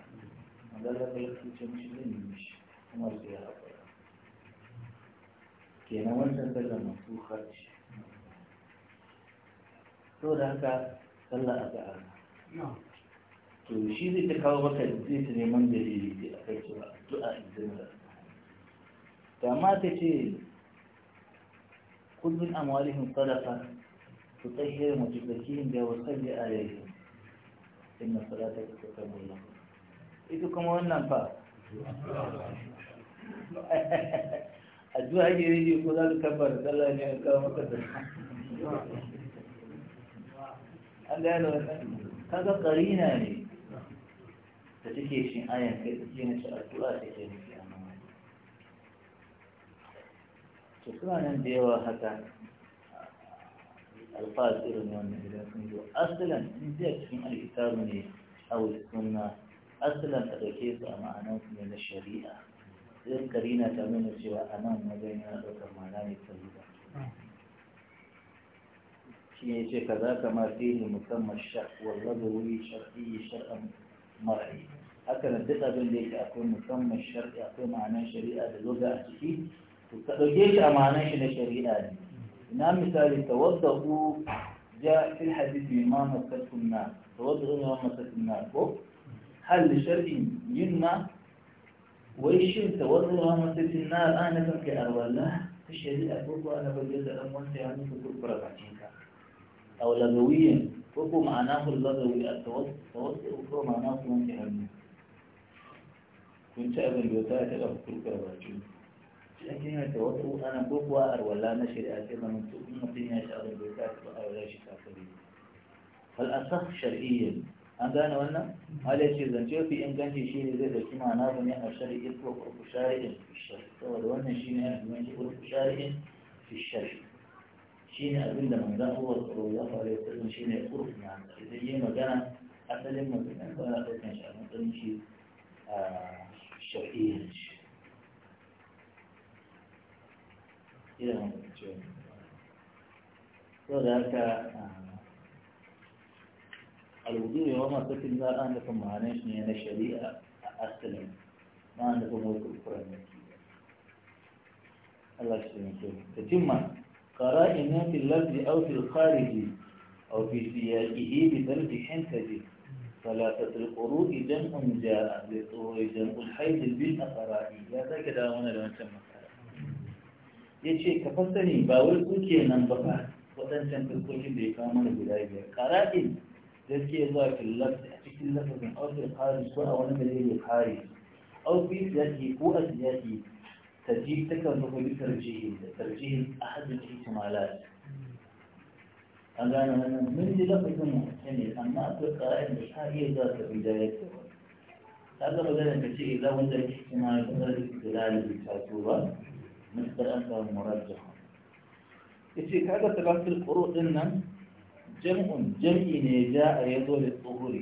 manzo da ya ce mishi zai yi mishi umar sai ya haƙura kenan wancan sallar masu harci saboda haka sallar a ga'a تو شیزی که خواب کرد بیت نیمان دلیلی که اکر تو تو این زمین تا ما تی کل من اموالهم صدقا تو تهیه مجبکیم دیو سلی آلیهم این صلاته که تکم الله ایتو کم اون نمپا ادو هجی ریدی خدا دو کبر دلا نیم کام کتر اندیانو کتر قرینه نیم da take shi ayan kai da jini su addu'a take ne ke wani to suna nan da yawa haka alfaz irin wannan idan sun zo asalan in zai cikin alkitabu ne a sunna asalan a dauke su a ma'anan su ne na shari'a sai karina ta nuna cewa a nan wajen yana ɗaukar ma'ana mai tsayi ba shi ne ce ka za kaza kama fihi musamman shak wallahi wuri shar'i shar'an مرئي حتى نبدأ أقول ليش أكون مسمى الشرق أكون معناه شريئة للغة أتكي وليش أمعناه شنا شريئة هنا نعم، مثال توضعوا جاء في الحديث من إمام وكتف الناس توضعوا من إمام وكتف الناس هل الشرق ينمى ويشم توضعوا من إمام وكتف الناس أنا كم كأروا الله في الشريئة بوك وأنا بجد أموان سيعني في كل فرق عشينك أو لغويا فهو معناه اللغوي التوسط وفهو معناه ممكن أن كنت أبن بيوتاك له كل كلا باجون لكن التوسط أنا بوكوا أرولا نشر آتما من تؤمن فيني أشعر بيوتاك وأرولا شكا فريد فالأصف شرعيا أنت أنا وأنا هل يشير ذنجي في إن كان شيء لذي ذكي معناه من يحر شرعي يطلق أرف شارع في الشرع فهو دولنا شيء من يحر شارع في الشرع shine abin da manzan Allah sallallahu alaihi wasallam shine urfin idan yayi magana asalin magana ba na daukan shi a matsayin shi shafi'in shi ina cewa saboda haka الوضوء يوم أتت النار أنا لكم معناش أنا شريعة أستلم ما عندكم وقت القرآن الله يسلمك تتم قرائنا في اللفظ أو في الخارج أو في سياقه بذلك حنتج ثلاثة القروء جمع جاء للطهور جمع الحيض بالأقراء يا ذاك داونا لو أنت yace ka ba wai kuke nan ba fa wadancan fuskokin da ya kawo mana guda biyar qara'in gaskiya zuwa fil lafz a cikin lafazin aw fil ko a wani dalili ko a ترجيح تكره تقول بترجيح ترجيح أحد الاحتمالات أنا من دي لفظ محتمل أما أطلق قائد هي ذات بداية هذا بداية كشيء إذا وجد احتمال فقد استدلال بالكاتوبة مثل انت مرجحا يصير هذا تبعت الفروض إن جمع جمع جاء يدور الظهور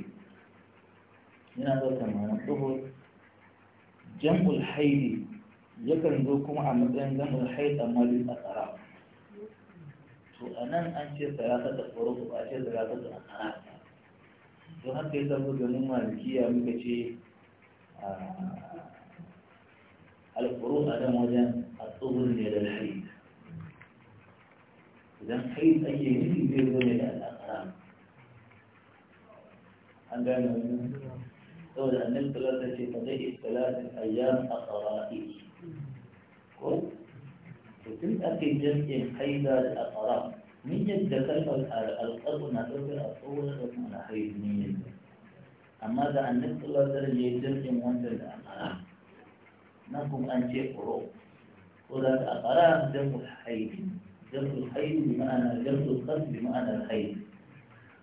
من هذا كمان الظهور جمع الحيلي yakan zo kuma a matsayin zamar haita mali a tsara to a nan an ce sarata da tsoro ba a ce sarata da tsara To har ya samu ganin malikiya muka ce alfuru a nan wajen a tsohon ne da haid idan haid ake nufi zai zo ne da al'akara an gane wani saboda annabi sallallahu alaihi wasallam ce fa zai salatin ayyam aqra'i وتبقى في جمع حيدة الأطراف من يبدأ كلمة القلب نتوقع الأطول رقم الأخير من يبدأ أما إذا أن نقل هذا جمع وانت الأطراف نقوم أن شيء قروب وذلك أطراف جمع الحيد جمع الحيد بمعنى جمع القلب بمعنى الحيد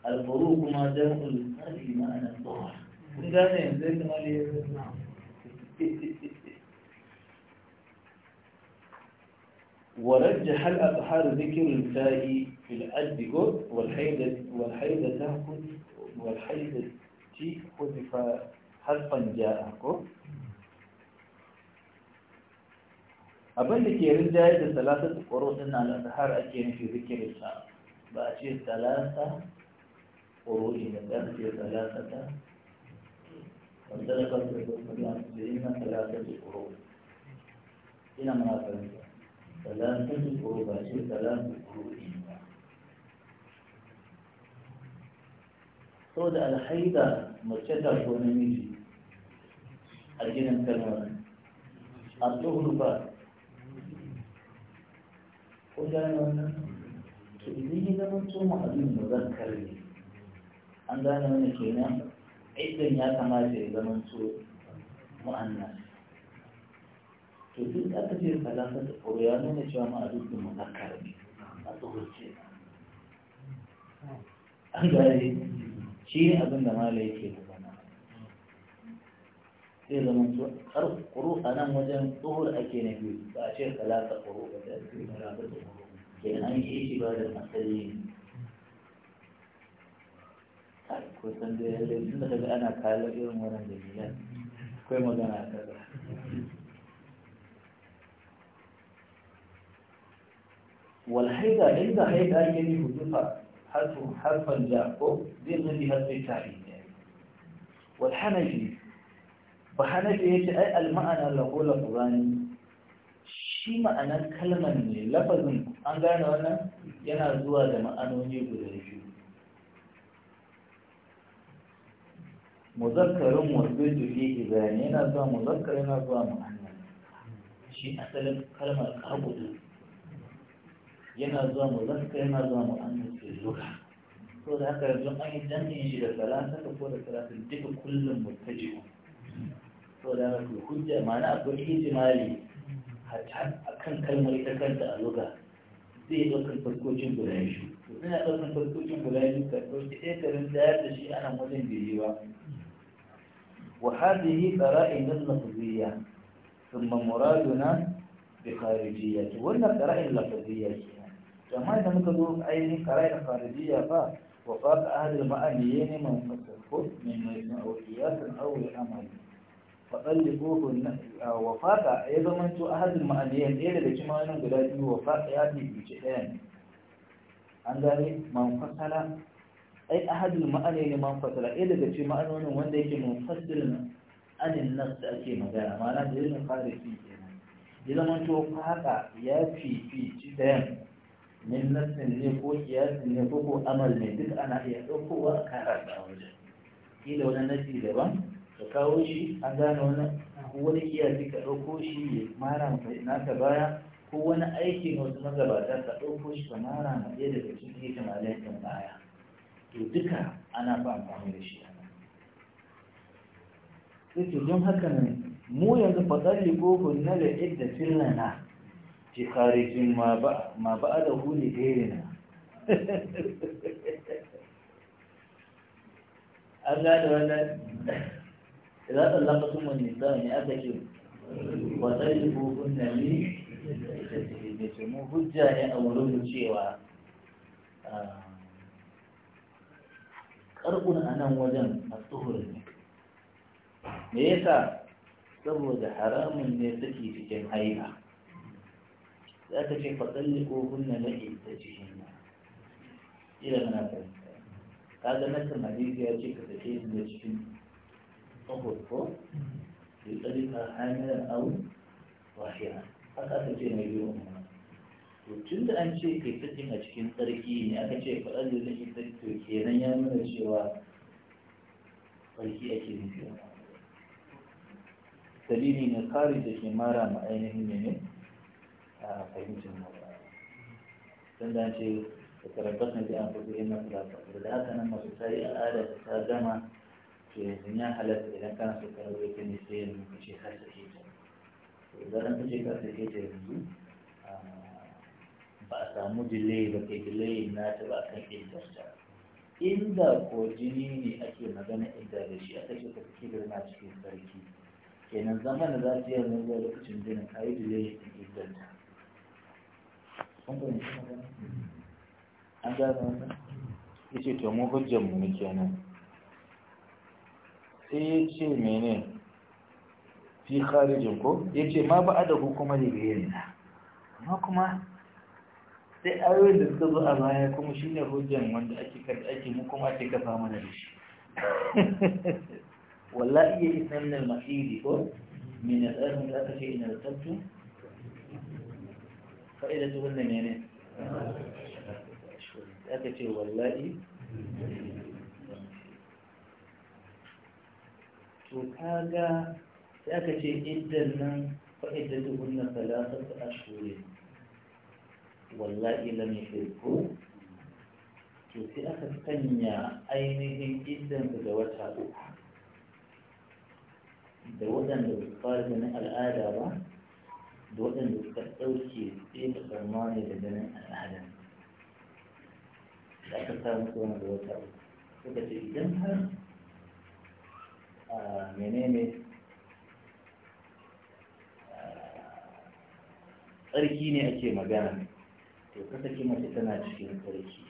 الفروق ما جمع القلب بمعنى الظهر kun gane yanzu kamar yanzu ورجح الأبحار ذكر النساء في الأجد والحيدة والحيدة تأخذ والحيدة تي خذف حلقا جاءكو أبن ذكر الجاهد ثلاثة قروس إن الأبحار أكين في ذكر النساء بأشياء ثلاثة قروس إن الأبحار ثلاثة وانتلقت في ثلاثة قروس إلى مناطق ولكن تجد رباشي فلا تجد على حيدا مرشدة فونميجي أجينا نكلمان أطلوه لبا وجاءنا أن إذا لم تكن معلم مذكري عندنا من كنا عدة نيات ما جاء لم تكن مؤنث to duk aka ce salasa ta tsoro ya nuna cewa ma a dukkan munakkar ne a tsohonce an gare shi abin da mala yake magana sai zama har kuru a nan wajen tsohon ake na biyu ba a ce salasa kuru ba da su salasa tsoro ke an yi shi ba da asali ko san da yadda tun da ana kalar irin wannan dalilan akwai magana a kasa والحيدة عند حيدة يلي حدوفة حرف حرف الجاكو دي غيرها في تعيين والحنجي بحنجي هيك أي المعنى لغو لفظاني شي معنى كلمة نجي لفظ أنا أنا ينا زوا دم أنا ونجي بدرجو مذكر مربوط فيه إذا ينا زوا مذكر ينا زوا معنى شي أسلم كلمة كابو دم yana zuwa mu zaka yana zuwa mu an ce zuwa to da haka yanzu an yi jami'in shi da salata da ko da salatin duka kullum mutaji to da haka hujja ma'ana akwai ijimali a kan kalmar ita kanta a lugha zai yi ɗaukar farkocin guda biyu to ina ɗaukar farkocin guda biyu ka ɗauki ɗaya karin dayar da shi ana wajen bai yi ba wa hadihi qara'in lafziyya thumma muraduna bi kharijiyyah wannan qara'in lafziyya ce kamar da muka zo ainihin karai da faradiyya ba wa fata ahalil ma'ani ya ne man fasarko mai mai sun aukiyasin aure amali na wa fata ya zama to ahalil ma'ani ya ɗaya daga cikin wani guda biyu wa fata ya bice ɗaya ne an gane man ai ahadul ma'ani ne man ɗaya daga cikin ma'anonin wanda yake mun fasilin anin nas da ake magana ma'ana da yin fara fi kenan ya zama to fata ya fi ɗaya ne min nassin ne ko kiyasin ne ko ko amal ne duk ana iya ɗaukowa a kan rasa wajen kila wani nassi daban ka kawo shi an gane wani wani kiyasi ka ɗauko shi ya mara maka naka baya ko wani aiki na wasu magabata ka ɗauko shi ka mara ma ɗaya daga cikin hikimalaikin baya to duka ana fa amfani da shi ana sai to don haka ne mu yanzu faɗar ligogin na da idda fillana fi kharijin ma ba ma ba da huli gairina an gane wannan idan tsallaka sun wani tsawon ya aka ce wata yi hukun na ne da ce mu hujja ne a wurin cewa karkun a nan wajen a tsohon ne me yasa saboda haramun ne suke cikin haila za ta ce fatsalli ko hunna na ta cikin hinna ila mana fahimta ka ga nasan hadisi ya ce ka sake su da cikin ƙwaƙwaƙwa ya tsari ka hanyar awu wahiya A ƙasa ce mai biyu mana to tun da an ce kai sakin a cikin tsarki ne aka ce fatsalli na ita to kenan ya nuna cewa tsarki ake nufi dalili ne kare da ke mara ma ainihin ne a fahimcin hausa Don da ce da karabbas na ji an fi yin masu lafa da haka nan masu tari al'ada ta gama to yanzu ya halatta idan kana so ka gini ta ne sai yanzu ka ta da ran ka ce ka sake ta yanzu ba a samu delay ba kai delay na ta ba kan indarta inda ko jini ne ake magana inda da shi aka ce ka sake da cikin sarki kenan zaman da za su yi yanzu lokacin jinin ka yi delay din an gane wannan ya ce to mu hujjar mu kenan sai ya ce mene fi kharijin ko ya ce ma ba a da hukuma da na amma kuma sai ayoyin da suka zo a baya kuma shi ne hujjan wanda ake karɓi ake mu kuma ake kafa mana da shi wallahi ya masiri ko min da aka ce ina da fa'ida su wannan ne aka ce wallahi to kaga sai aka ce idan nan fa'ida su wannan talatar ta ashirin wallahi lam yashirku to sai aka sanya ainihin idan su da wata uku da waɗanda ba su fara ganin al'ada ba da waɗanda suka ɗauke ɗaya ɓarma ne da ganin al'ada da aka samu kowane da wata suka ce idan har ah, menene ah, tsarki ne ake magana to kasance mace tana cikin tsarki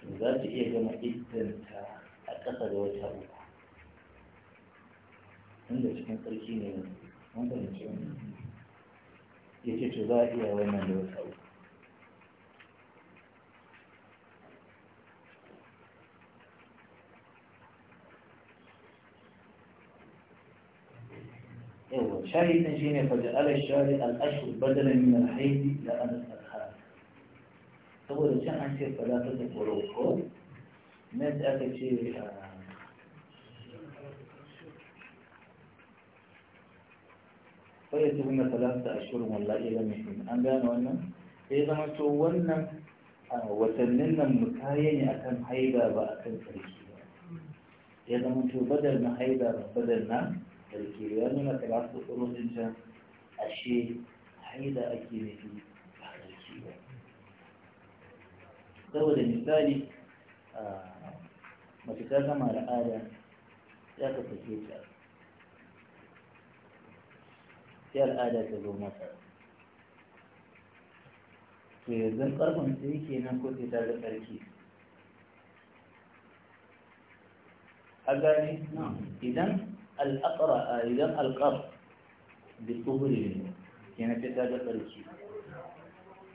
to za ta iya gama iddanta a ƙasa da wata uku inda cikin tsarki ne wanda da ke wani ya ce to za a iya wannan da wata uku يوه الشارع الأشهر بدلا من الحيث لأن الأرحام أولا شاء أن شيء فلا تتفرقه ناس أكد شيء فيتهن ثلاثة أشهر والله لم يكن أن gane wannan sai zama to wannan watannin nan mutaya ne akan haida ba akan sarki ba ya zama to badal na haida ba badal na sarki ya nuna talatu tsoron can ashe haida ake nufi ba sarki ba saboda misali mace ta gama al'ada ya ka sake ta سير آلة الروم في ذن قرب من تريكي ننكو في سالة تركي أقاني نعم إذن الأقرأ إذن القرب بالطهر كان في سالة تركي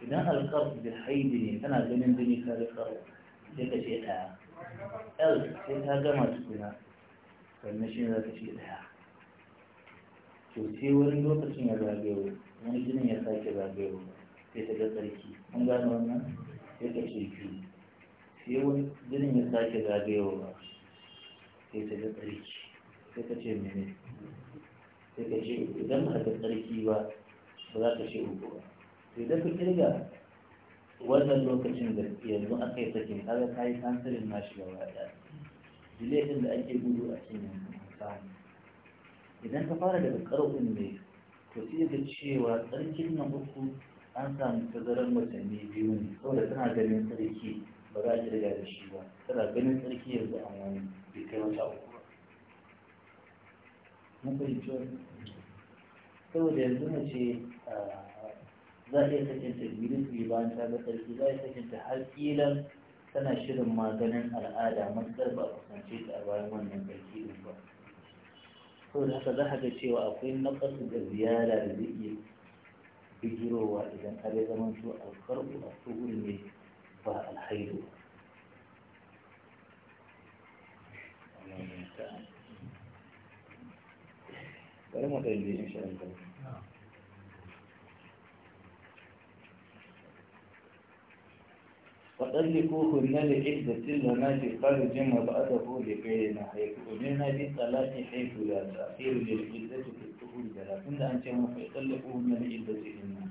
إذن القرب بالحيد أنا بمن بني سالة تركي لك شيئا ألف شيئا كما تكونا فالنشين لك شيئا to sai wani lokacin ya zagayo wani jinin ya sake zagayo sai ta ga tsarki an gano wannan sai ta ce ki sai wani jinin ya sake zagayo sai ta ga tsarki sai ta ce mene sai ta ce idan ba ta tsarki ba ba za ta ce uku ba sai da ku kirga wannan lokacin da yanzu aka yi sakin kaga ta yi kansarin nashi gaba ɗaya jile ɗin da ake gudu a cikin samu idan ka fara daga ƙarfin ne to sai cewa tsarkin na uku an samu tazarar watanni biyu ne saboda tana ganin tsarki ba za ki riga da shi ba tana ganin tsarki yanzu an wani bai kai wata uku ba mun fahimci wani saboda yanzu mace za a iya sakinta biyu bayan ta ga tsarki za a iya sakinta har kilan tana shirin maganin al'ada matsar ba a kusance ta a bayan wannan tsarki ɗin ba كل هذا حد شيء وأقول نقص الزيالة لذي بجروا وإذا أبي زمان شو الخرب الطول من فالحيد ولا ما تجدي إن شاء الله وقال لي كوكو نالي إحدى سلة ماتي قال جمع بعد أبولي بينا حيث ومنها دي ثلاثة حيث لا تأخير للإحدى في الكهول دي لكن أنت لي اللي كوكو نالي إحدى سلة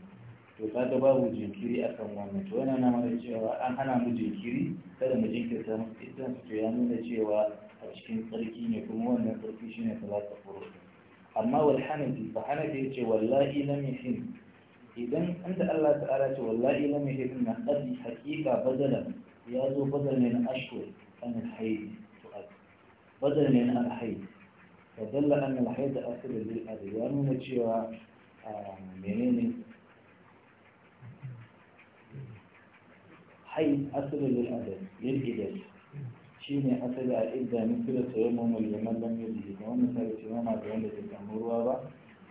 وقال دباو جنكيري أكام وامت وانا نعمل جيوا أنا نعمل جنكيري فلا مجنك سامت إحدى سلة جيوا أشكين طريقين يكون وانا طريقين ثلاثة فروض أما والحمد فحمد يجي والله لم يحمد إذن أنت الله تعالى والله إلى مهد أن قد حقيقة بدلا يازو بدلا من أشوي أن الحيد تؤد بدلا من الحيد فدل أن الحيد أثر للأديان نجيوا آه، منين حي أثر للأدب للإدب شيني أثر الإدب من كل تيمم اليمن لم يجد يوم ثالث يوم عدوان لتتأمر وابا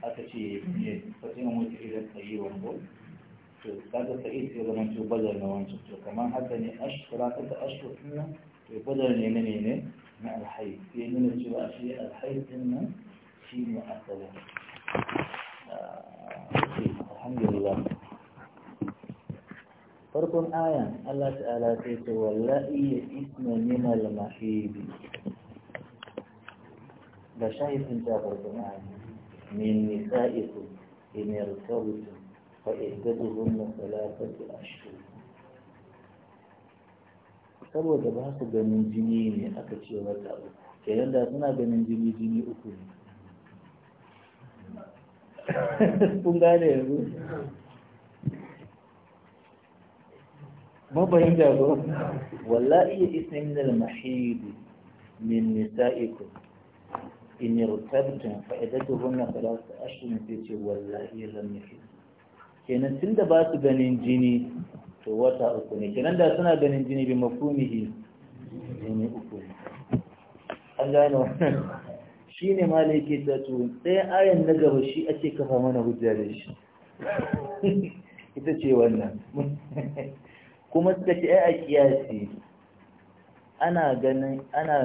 aka ce ne fasin an wuce idan tsayi wango to kaga tsayi sai zama to badar na wancan to kamar haka ne ashkura ta ta ashkura nan to badar ne na ne ne na alhai sai nuna cewa shi alhai din nan shi ne asali alhamdulillah farkon ayan Allah ta'ala sai ce wallahi ya isna min al-mahidi da shahidin ta farkon ayan من نسائكم إن ارتبتم فإحدثهن ثلاثة أشهر saboda ba su ganin jini ne aka ce wata uku kenan da suna ganin jini jini uku ne kun gane yanzu mabayin jago wallahi ismin al-mahid min nisa'ikum in irtabtum fa idatuhunna thalathu ashhurun sai ce wallahi lam yahid kenan tunda ba su ganin jini to wata uku ne kenan da suna ganin jini bi mafhumihi jini uku ne an gano shi ne ma ta yake tatu ɗaya ayan na gaba shi ake kafa mana hujja da shi ita ce wannan kuma suka ce ai a kiyasi ana ganin ana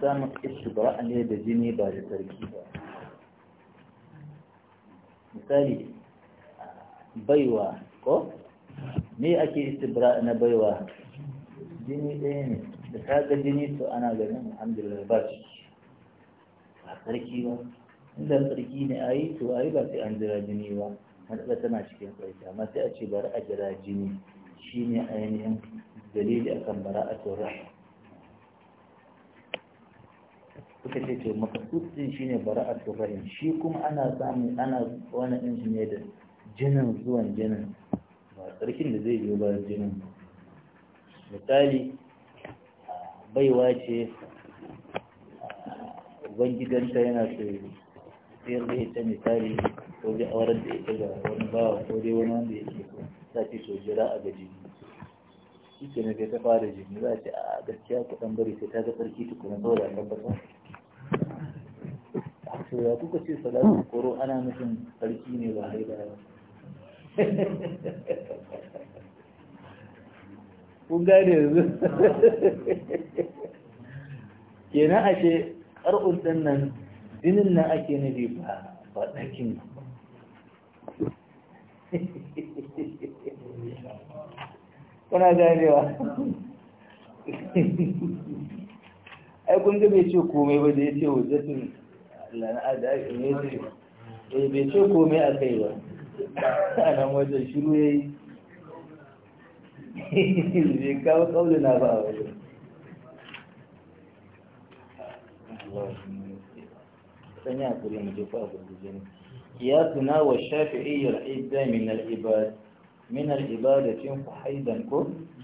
سامق استبراء ليد جني بعد تركيبه مثالي بيوا كو مي أكيد استبراء نبيوا جني إيه بهذا جني تو أنا قلنا الحمد لله باش تركيبه عند تركيبه أي تو أي بس عند جني وا هذا تماشي كيف رأيته ما تأتي برأجرا جني شيني أيني دليل أكم براءة الرحم suka ce to makasudin shine a turayin shi kuma ana samun ana wani injiniya da jinin zuwan jinin ba tsarkin da zai biyo bayan jinin misali baiwa ce ubangidanta yana so sayar da ita misali ko dai auren da ita ga wani bawa ko dai wani wanda ya ke ta ce to jira a gaji shi ke na ta fara jini za a ce a gaskiya kuɗin bari sai ta ga tsarki tukuna saboda tabbatar to ya kuka ce salatu hmm. koro ana nufin sarki ne ba haida ba kun gane yanzu kenan ashe ƙar'un ɗin nan jinin nan ake nufi ba ba ɗakin kuna ganewa ai kun ga ce komai ba da ya ce wajen eh bai ce komai a kai ba a nan wajen shiru ya yi bai kawo kaulina من جفاء بالجنة قياسنا والشافعي العدة من العباد من العبادة فحيدا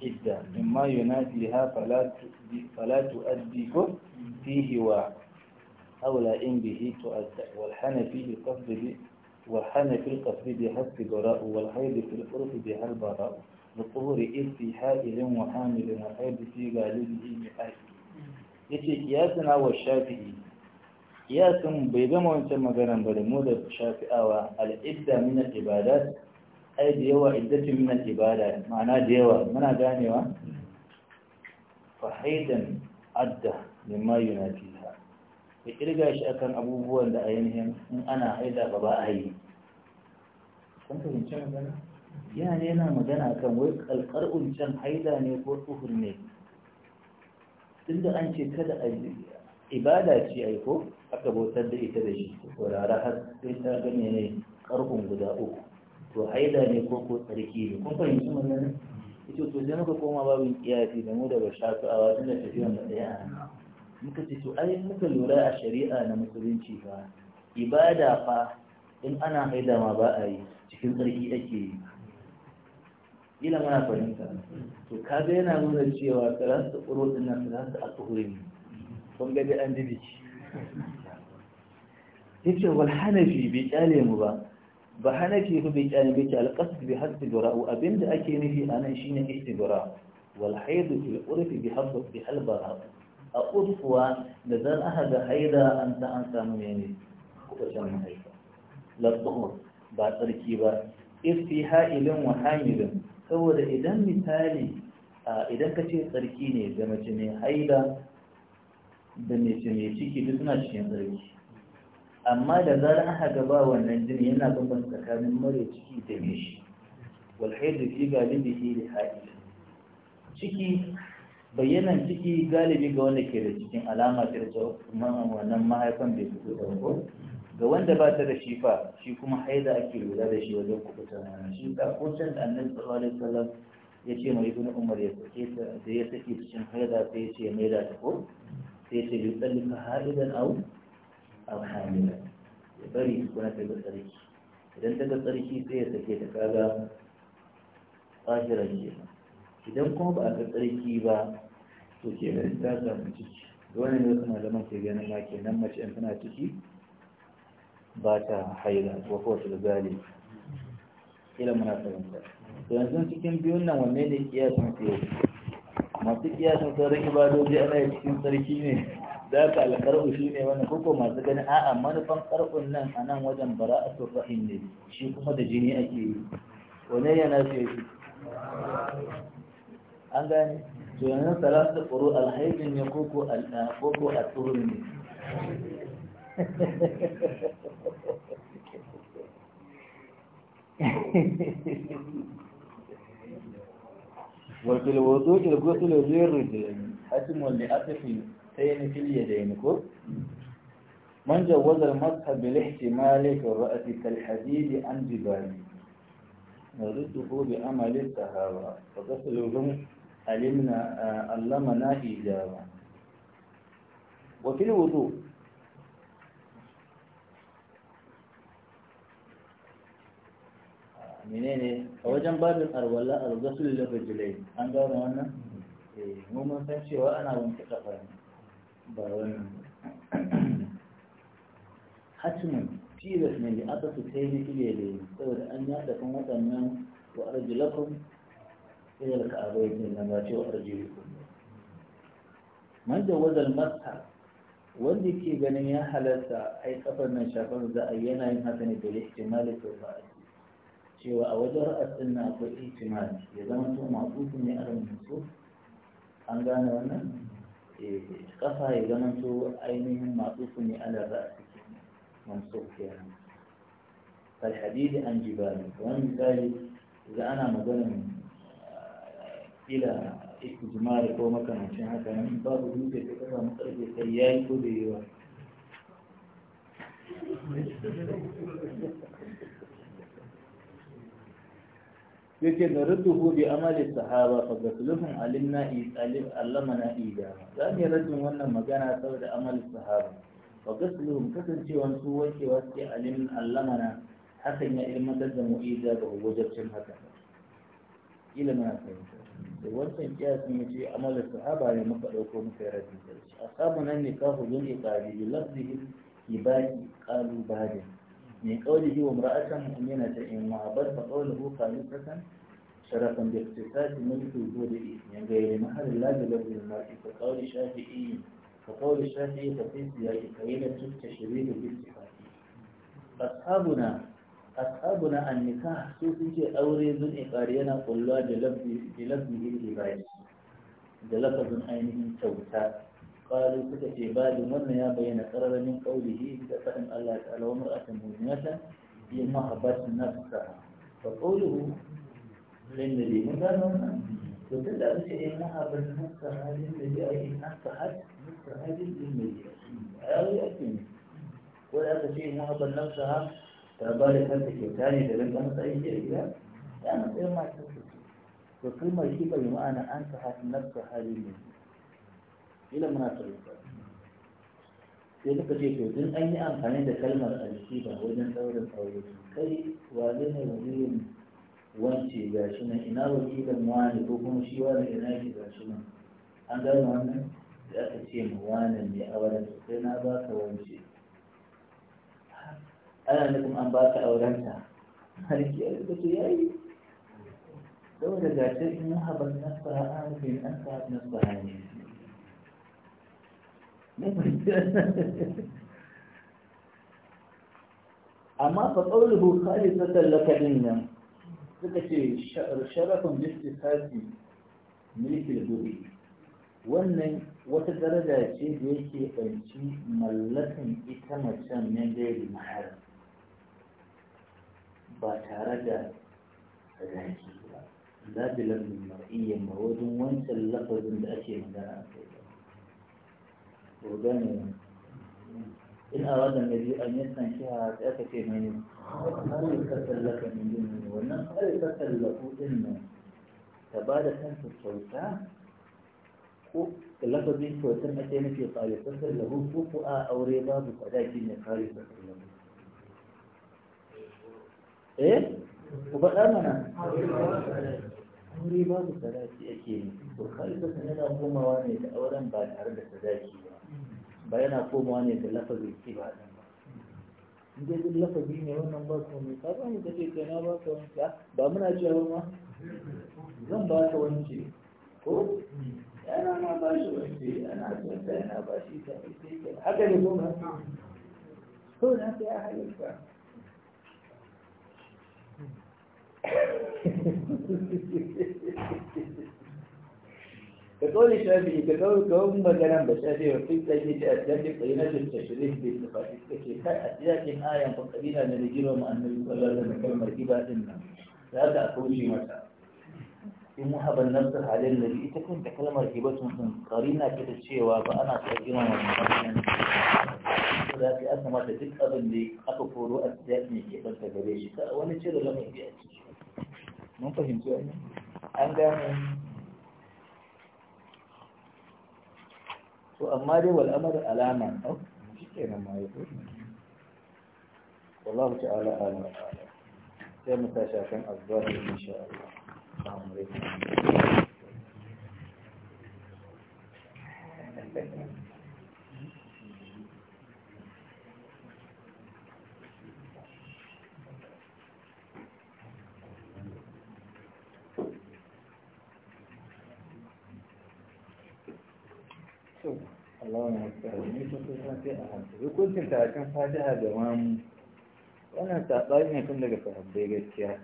جدا مما ينادي فلا فلا تؤديك فيه واحد حول إن به تؤدى والحن فيه القصد به والحن في القصد بحث جراء والحيد في الفرق بها البراء لطهور إلتي حائل وحامل وحيض في غالب مئات إيش قياس أو الشافعي قياس بيدم وإنت مثلا برمودة الشافعة الإبدا من العبادات أي ديوة عدة من العبادات معناه ديوة من أدانيوة فحيدا أدى لما يناديه ya kirga shi akan abubuwan da ainihin in ana haida ba ba a yi kun fahimci magana ya ne yana magana kan wai kalkar'un can haida ne ko tsuhur ne tun da an ce kada a ibada ce ai ko aka bautar da ita da shi rara har sai ta gane ne karfin guda uku to haida ne ko ko tsarki ne kun fahimci magana ita to sai muka koma babin kiyasi da mu daga a tun da tafiyan da ɗaya a muka ce to ai muka lura a shari'a na musulunci fa ibada fa in ana haida ma ba a yi cikin tsarki ake yi ila mana fahimta to kaga yana nuna cewa salatu tsoro din nan salatu a tsohon kun gaji an ji biki yace wal hanafi bai kyale mu ba ba hanafi ku bai kyale bai kyale qasd bi hasbi dura'u abinda ake nufi a anan shine istibra wal haid fil urf bi hasb bi halbara a urfuwa da zan aka ga haida an ta an samu mene kuɓacin haifa. latsuhur ba tsarki ba isti ha'ilin wa hamilin saboda idan misali idan ka ce tsarki ne da mace mai haida da mace mai ciki duk suna cikin tsarki amma da zara aka gaba wannan jini yana bambanta tsakanin mara ciki da mai shi walhaidu fi galibi ne da ha'ilin ciki bayyanan ciki galibi ga wanda ke da cikin alama ta da wannan mahaifan bai fito da ko ga wanda ba ta da shi fa shi kuma haida ake lura da shi wajen kubutar mana shi ka kocin da annabi sallallahu alaihi wasallam ya ce mai ibnu umar ya sake ta da ya sake cikin haida sai ya ce mai da ta ko sai ya ce bi tsallika haidan au au hamila ya bari kuna ta ga tsarki idan ta ga tsarki sai ya sake ta kaga tsahiran kenan idan kuma ba a ga tsarki ba to da ta samu ciki wani ne suna zaman ke ganin ma nan mace in tana ciki ba ta haila wa kowace da zali kila muna fahimta to yanzu cikin biyun nan wanne ne kiyasan su yau masu kiyasan sauran ibadoji ana yi cikin sarki ne za ka alkarbu shi ne wani koko masu gani a'a manufan karbun nan a nan wajen bara a tsofaffin ne shi kuma da jini ake yi wane yana fiye shi an gane تيانا ثلاثة فروع الحيض يقوك الأنفوك آه، الطهر من وفي الوضوء الغسل للرجلين حتم لأطف التين في اليدين من جوز المسح بالاحتمال في الرأس كالحديد عن جبالي نرده بعمل الصحابة فغسل الغمس علمنا آه، علمنا إجابة وفي الوضوء آه، منين هو جنب باب الأرض ولا الغسل للرجلين أنا وأنا إيه، مو من فهمش وأنا وانتقى بارون حتما في رسمي أتت تهيني كلي لي سوى أن يأتكم وطنا وأرجلكم إلى الكعبين إنما وأرجلكم من جوز المسح wanda ke ganin ya halarta ai kafar nan shafar za a yana yin haka ne da ihtimali to ba cewa a wajen ra'asin nan akwai ihtimali ya zama to masu ne a rubutu an gane wannan kafa ya zama to ainihin masu ne a ra'asi masu misali ana maganin ila istijmari ko makamancin haka in babu dutse sai ka samu sai yayi ko da yawa yake da rudduhu bi amali sahaba fa gaslufun alimna alif allamana ida za mu raddin wannan magana saboda amali sahaba fa gasluhum kasancewan su wanke wasu alim allamana hakan ya ilmantar da mu ida ga wajabcin haka ila ta yi. da wancan kiyasin ya ce amala sahaba ne muka ɗauko muka yi rabin sarki ashabu nan ne kafu zun iqabi bi lafzihi ibaki qalu bada ne qawlihi wa mar'atan mu'minatan in ma'abat fa qawluhu qanitatan sharafan bi iktisasi mulki zuhuri min ghairi mahall la lafzi al-mar'i fa qawli shafi'i fa qawli shafi'i fa fi siyaqi kayyana tukta shiridu bi ittifaqi ashabuna ashabu na annika su sun ce aure zun iqari yana kulluwa da lafzi da lafzi ibrahim da lafazin ainihin kyauta qalu suka ce bali wannan ya bayyana qararanin qawlihi da fadin Allah ta'ala wa mar'atun mu'minatan bi mahabbat nafsa fa qawluhu lin nabi mun ga wannan to tun da ake yin mahabbat nafsa halin da ya yi nafsa halin da ya yi aure ake ko da aka ce mahabbat nafsa ta ba da kanta kyauta ne da rinka matsayin ke da gida ya matsayin masu to kalmar shi bai ma'ana an ta hatu nafsa hali ne ila muna tsarki sai suka ce to din an yi amfani da kalmar alkiba wajen ɗaurin aure kai wane ne wazirin wance ga shi nan ina wakilan wani ko kuma shi wani ina yake ga shi nan an gano wannan da aka ce ma wani ne mai auren sai na ba ka wance ana nufin an ba ka aurenta har ki yi da su yayi saboda ga ta in haɓar nasa a bin an sa nasa hannu amma fa qawluhu khalisatan laka nan, suka ce sharafin sati milikin gobe wannan wata daraja ce da yake ɗanci mallakin ita macen ne da mahar ba tare da zaki ba la bi lafzin mar'iyyan ba wajen wancan lafazin da ake magana a kai ba ko gane in a wajen da biyu an yasan cewa da aka ce mani har ka tallaka min jini wannan har ka tallaku din nan ta ba da kanta kyauta ko lafazin kyautar na ce nufi kalisar lahu ko a aure babu sadaki ne kalisar lahu eh ku faɗa mana aure babu sadaki ake yi to kalbasa yana komawa ne da auren ba tare da sadaki ba ba yana komawa ne da lafazin ki ba ɗin ba in dai duk lafazi ne wannan ba ko mai ka ba ni kace kai na ba ka wani ba muna cewa ma zan ba ka wani ko yana ma ba shi wance yana son yana ba shi ta ita haka ne ko ba to na sai ya halitta كقول الشافعي كقول كوم بكلام الشافعي وفي تجديد أسلم قيمة التشريف بالنقاط التشريف أسلاك آية مقابلة من جيرهم أن يقول الله لما كان مركبة إنه سأدع كل شيء مساء إنه حب النفس حالي الذي إتكلم تكلم مركبة مثل قرينة كده الشيء وابا أنا أتحجينه ومعنى ذلك أنه ما تجد أبن لي أكفر وأسلاك من كيف التجريش وأنا شيء لم يجي mun fahimci wani an gane to amma dai wal'amar alama ɗau oh, shi ke nan ma ya wallahu ta'ala ala sai mu tashi kan azzahi insha Allah assalamu alaikum Thank you. Allahumma sun ta kusa sai a hantu hukuncin karatun fatiha da mamu wannan saɓari ne tun daga sahabbai gaskiya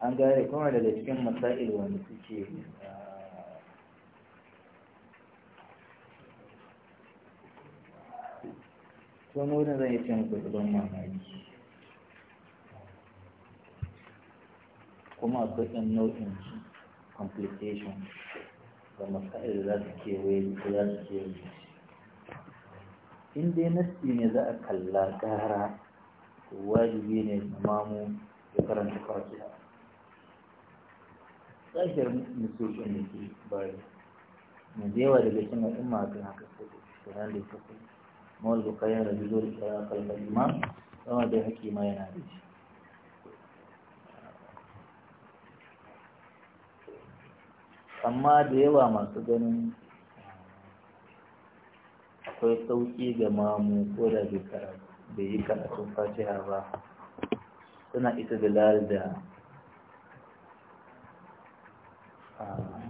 an gane kuma daga cikin masail wanda suke wani ah, wurin zan yi ce muku zuban mamaki kuma akwai ɗan nau'in complication ga masail za su kewaye za su kewaye in dai nassi ne za a kalla ƙara wajibi ne mamu ya karanta fatiha tsakiyar musulun da ke bayan mu da yawa daga cikin al'umma ga haka suke shirin da suke mawal bukayen rabizo da da kalmar imam zama da ma yana da shi amma da yawa masu ganin ah, akwai sauƙi ga mamu ko da bai yi karatun fatiha ba suna ita da da ah,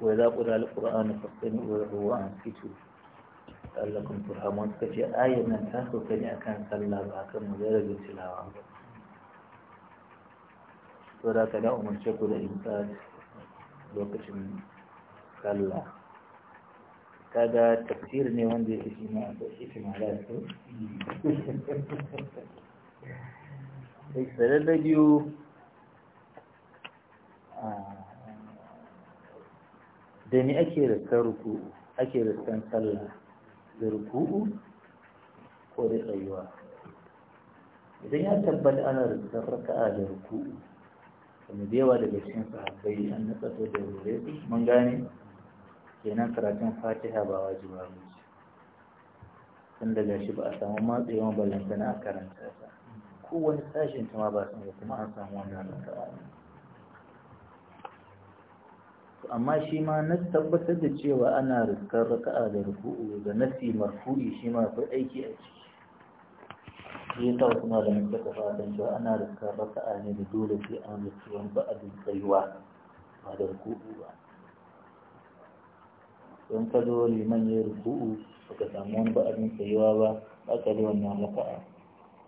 wai za ku da alƙur'ani fasin ruwa an fito tsallakun turhamun suka ce ayyar nan ta soka ne akan sallah ba akan mujarrabin tilawa ba. Saboda ka da umarce ku da insati lokacin sallah kaga tafsir ne wanda yake shi ma da shi ma da su sai da biyu da ni ake rikar ruku'u ake rikar sallah da ruku'u ko da tsayuwa idan ya tabbata ana rikar raka'a da ruku'u kuma da yawa daga cikin sahabbai an nasato da wuri mun gane kenan karatun fatiha ba wajiba ba ce tun daga shi ba a samu matsewa balantana a karanta ta kowane sashen ta ma ba san kuma an samu wannan rakawa amma shi ma na tabbatar da cewa ana rikar raka'a da ruku'u da nasi marfu'i shi ma akwai aiki a ciki shi ya da wasu malamai fatan cewa ana rikar raka'a ne da dole sai an rikki wani ba'adin kaiwa ba da ruku'u ba don ka zo liman ya ruku'u ka samu wani ba'adin kaiwa ba ba ka da wannan raka'a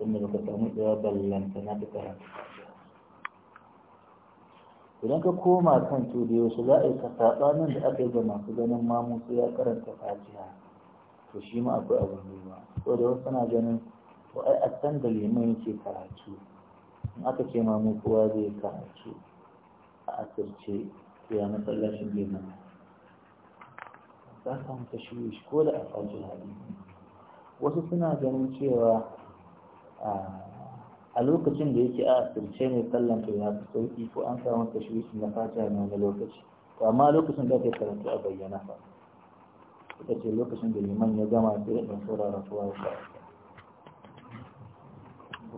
ba ka samu tsayuwa ballanta na duka idan ka koma kan to da za a yi ka saɓanin da aka yi ga masu ganin mamu sai ya karanta fatiha to shi ma akwai abin ba ko da wasu na ganin to ai a san da liman yake karatu in aka ce ma mu kowa zai karatu a asirce ya matsalashin liman za ka mutu shi ko da a fajin hali wasu suna ganin cewa a lokacin da yake a asirce ne sallan to ya fi sauki ko an samu tashwishi na fata na wani lokaci to amma lokacin da ka karatu a bayyana fa suka ce lokacin da liman ya gama sai ya ɗan saurara kowa ya karatu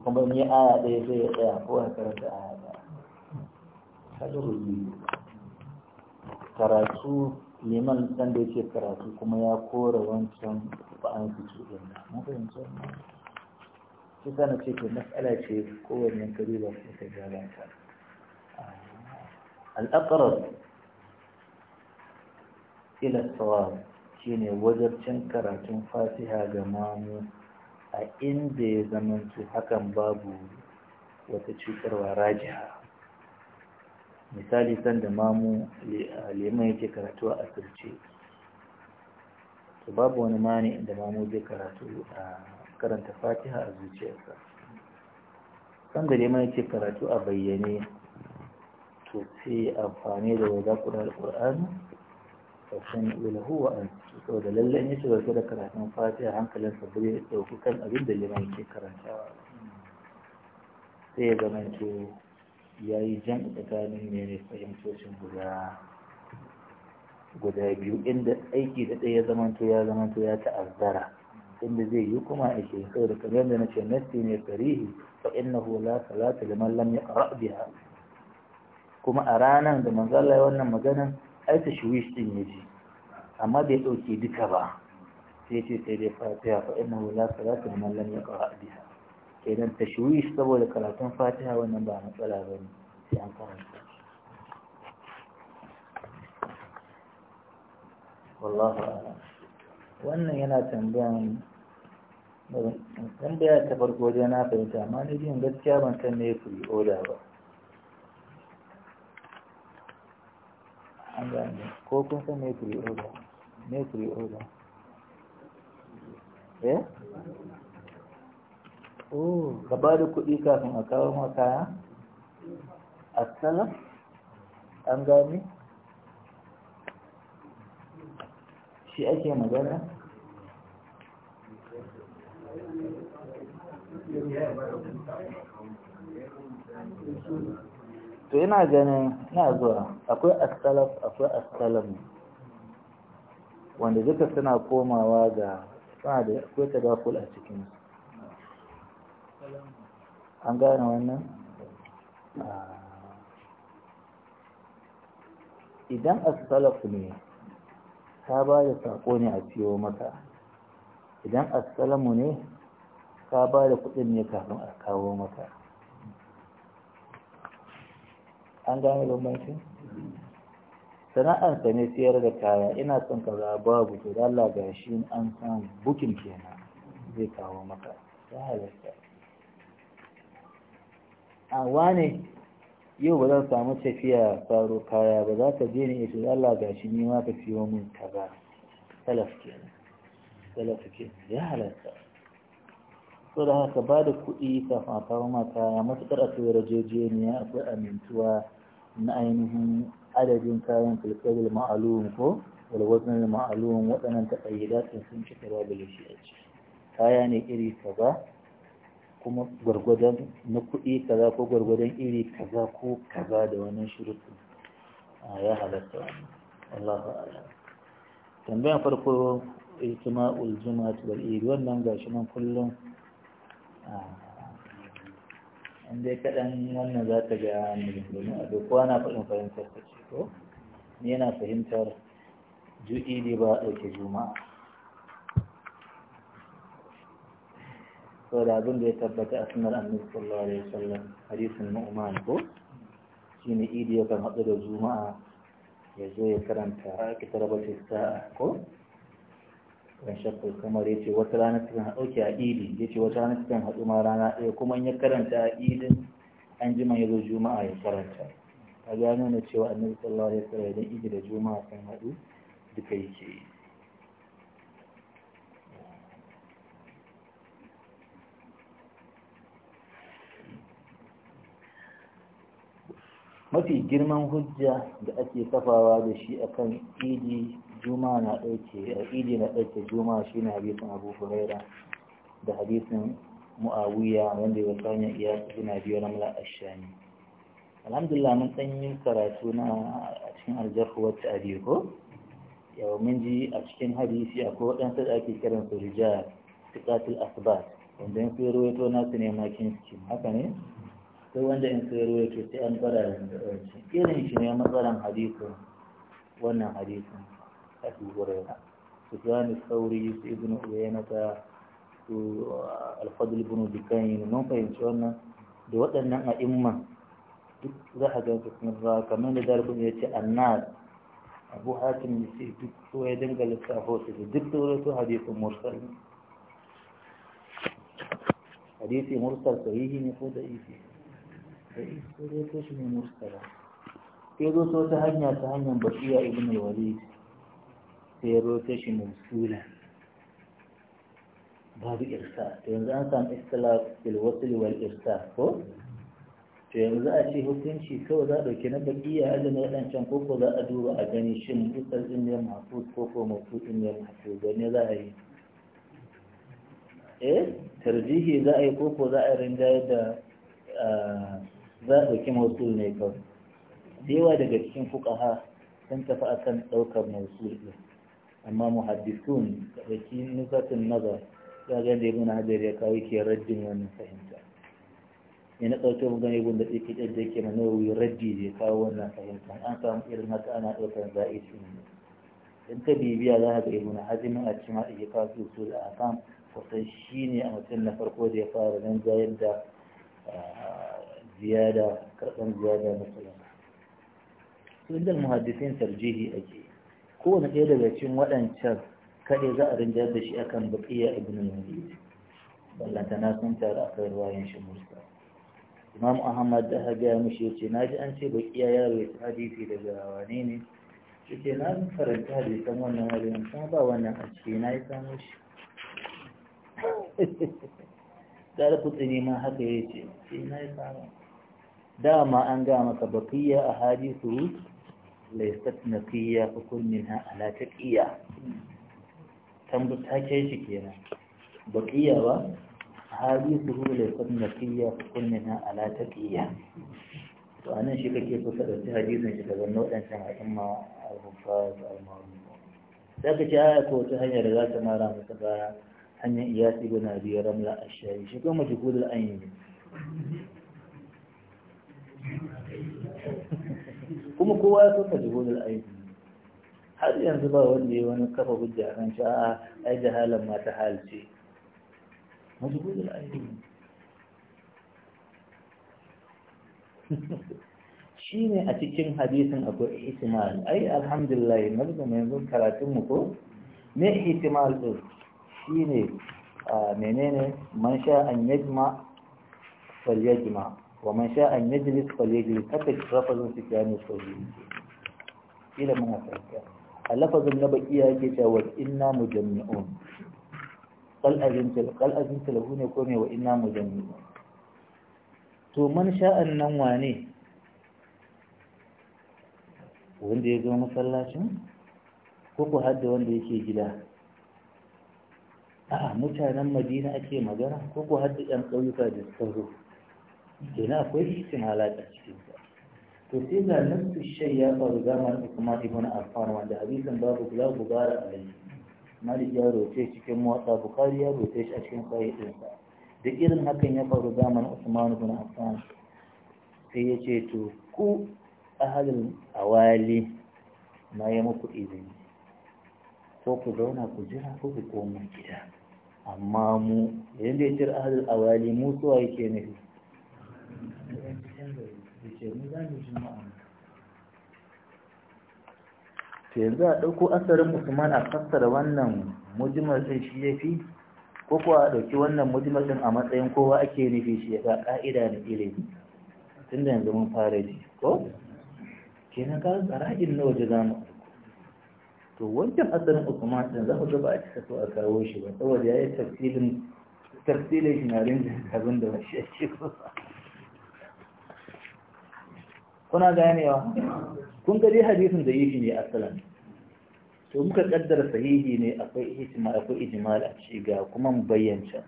kuma ni aya ɗaya yake ya tsaya ko a karanta aya ɗaya hadu biyu karatu liman san da yake karatu kuma ya kora wancan ba an fice din na mun fahimci shi kana ce ke matsala ce wani kare ba su ta al-aqrab ila tsawar shine wajabcin karatun fatiha ga mamu a inda ya zamanto hakan babu wata cutarwa rajiha misali sanda mamu liman yake karatu a asirce to babu wani mani inda mamu zai karatu a karanta fatiha a zuciyarsa sanda liman yake karatu a bayyane to sai amfani da wadda kuɗa al'ur'ani fashen ulahu wa an saboda lallai ne shiga da karatun fatiha hankalin sabbin ya dauki kan abin da liman ke karantawa sai ya zama to ya yi jan tsakanin ne fahimtocin guda guda biyu inda aiki da ɗaya zamanto ya zamanto ya ta'azzara inda zai yi kuma ake sau da kamar da na ce nasti ne tarihi fa innahu la salata liman lam yaqra biha kuma a ranar da manzo Allah wannan maganan ai ta shuwish din ya ji amma bai dauke duka ba sai ce sai dai fatiha fa inna hu la salata liman lam yaqra biha kenan ta shuwish saboda karatun fatiha wannan ba matsala ba ne sai an karanta wallahu wannan yana tambayan tambaya ta farko wajen na fahimta amma ni jin gaskiya ban san me ya oda ba an gane ko kun san mai pre-order mai pre-order eh oh ka ba da kuɗi kafin a kawo ma kaya asala an gane shi ake magana Thank you. to ina ganin na zuwa akwai astalaf akwai astalam wanda duka suna komawa ga suna da akwai tadakul a cikin an gane wannan ah. idan astalaf ne ta ba da saƙo ne a ciwo maka idan astalamu ne ka ba da kuɗin ne kafin a kawo maka an gane bambancin sana'ar ta ne siyar da kaya ina son za babu to da Allah ga shi an san bukin kenan zai kawo maka ya halatta a wane yau ba zan samu tafiya faro kaya ba za ka je ne ya ce da Allah ga shi ni ma ka siyo min kaza talaf kenan talaf kenan ya halatta so da haka ba da kuɗi kafin a kawo mata ya matuƙar akwai a akwai amintuwa na ainihin adadin kayan kalkalin ma'alum ko walwazin ma'alum waɗannan taƙayyidatun sun cika da shi a ciki kaya ne iri kaza kuma gwargwadon na kuɗi kaza ko gwargwadon iri kaza ko kaza da wani shirutu ya halatta wani Allah ba'ala tambayan farko ijtima'ul juma'at wal wannan gashi nan kullum Ah. in dai kaɗan wannan za ta ga domin a duk na faɗin fahimtar ta ce ko ni yana fahimtar ju'i ne ba a ɗauke juma'a sau da abin da ya tabbata a sunar annabi sallallahu alaihi wasallam hadisin mu'man ko idi yakan haɗu da juma'a ya zo ya karanta kitarabatis sa'a ko kan shakkar kamar ya ce wata rana sukan haɗauke a idi ya ce wata rana cikin haɗu ma rana ɗaya kuma ya karanta a idin an jima ya zo juma'a ya karanta a ga nuna cewa annabi sallallahu alaihi wasallam idan idi da juma'a kan haɗu duka yake yi mafi girman hujja da ake kafawa da shi akan idi juma'a na ɗauke a eh, idi na ɗauke juma'a shi ne hadisin abu huraira da hadisin mu'awiya wanda ya sanya iya suna biyu ramla ashami alhamdulillah mun san yi karatu na a cikin aljarku wacce a biyu ko yau mun ji a cikin hadisi ko waɗansu da ake kiran su rijar tukatul asbat wanda in sai ruwaito nasu ne makin haka ne sai wanda in sai ruwaito sai an fara da irin shi ne matsalan hadisin wannan hadisin أبي هريرة سفيان الثوري ابن عيينة الفضل بن بكين نوم فهم شوانا دوات أن أئمة ذا حاجة تكون كمان لذلك يأتي الناس أبو حاتم يسيب شو يدن قال السافو سيدك دورته حديث مرسل حديث مرسل صحيح نقول ضعيف ضعيف دورته شنو مرسل كيدو صوت هنيا تهنيا بقية ابن الوليد sai ya roto shi mumsula babu irsa to yanzu an samu istilaf fil wasl wal irsa ko to yanzu a ce hukunci kawai za a ɗauki na baƙi a ajin can koko za a duba a gani shin mutsar din ne masu koko mafu din ne masu ne za a yi eh tarjihi za a yi koko za a rinda da za a ɗauki mausul ne kawai da yawa daga cikin ha sun tafi akan ɗaukar mausul ɗin amma muhaddisun da ki nufatin nazar ya gani da ibn hajar ya kawo ke raddin wannan fahimta ya na ɗauke mu gane gun da tsiki ɗan da mana wuyi raddi da ya kawo wannan fahimta an samu irin haka ana ɗaukar za'isi ne in ka bibiya za ka ga ibn hajar a cikin haɗa ya kawo su su da akan kusan shi ne a mutum na farko da ya fara nan zayar da ziyada karɓar ziyada musulun. Sunan muhaddisin tarjihi ake kowane ɗaya daga cikin waɗancan kaɗai za a rinjar da shi akan baƙiya ibn al ballanta na sun taru akan ruwayen shi mursa imam ahmad da ha ya mushi ya ce na ji an ce baƙiya ya rawaita hadisi daga wane ne shi ce na karanta hadisan wannan wajen kuma ba wannan a ciki na yi samun shi tare ne ma haka ya ce eh, na yi samun dama an gama ka bakiya a hadisu laisat naqiya ukul minha ala taqiya ta take shi kenan baqiya ba hadithu laisat naqiya ukul minha ala taqiya to anan shi kake so ka dauki hadisin shi daga wadancan a'imma al-mufaz al-ma'ruf zaka ci aya ko wata hanyar da za ta mara maka baya hanyar iyasi ibn abi ramla ash-shari shi kuma majhul al-ayn kuma kowa ya saka jihudul aiki har yanzu ba wanda ya wani kafa hujja a kan sha'a ai jahalan ma ta halce majhulul aiki shi ne a cikin hadisin akwai ihtimal ai alhamdulillah mazu mai yanzu karatun mu ko me ihtimal din shi ne menene man sha an yajma falyajma wa man sha an yajlis falyajlis hatta lafazin su ya ne sahihi kila muna fahimta na baqiya yake cewa wa inna mujammi'un qal azinta qal azinta lahu ne ko ne wa inna sha'an nan wane wanda ya zo masallacin ko ku hadda wanda yake gida A'a mutanen madina ake magana ko ku yan ƙauyuka da suka kenan akwai cikin halatta cikin sa to sai ga nufin shai ya faru zaman Usman ibn Affan wanda hadisin babu kula la a alayhi Malik ya roce cikin Muwatta bukari ya roce shi a cikin Sahih din sa da irin hakan ya faru zamar Usman ibn Affan sai ya ce to ku ahalin awali na ya muku izini ko ku zauna ku jira ko ku koma gida amma mu yadda ya cire ahalin awali mu suwa yake nufi ta yanzu a ɗauko asarin musamman a fassara wannan mujimar sai shi ya fi ko kuwa a ɗauki wannan mujimar a matsayin kowa ake nufi shi ya ga ƙa'ida da ilimi tun da yanzu mun fara ji ko na kawo tsara'in na waje zama to wancan asarin usman din za ku ga ba a cika so a kawo shi ba saboda ya yi tafsilin tafsilin shi na rinjin abin da ba shi ake so kuna ganewa kun ga dai hadisin da yake ne asalan to muka kaddara sahihi ne akwai ijma akwai ijma a ci ga kuma bayyana.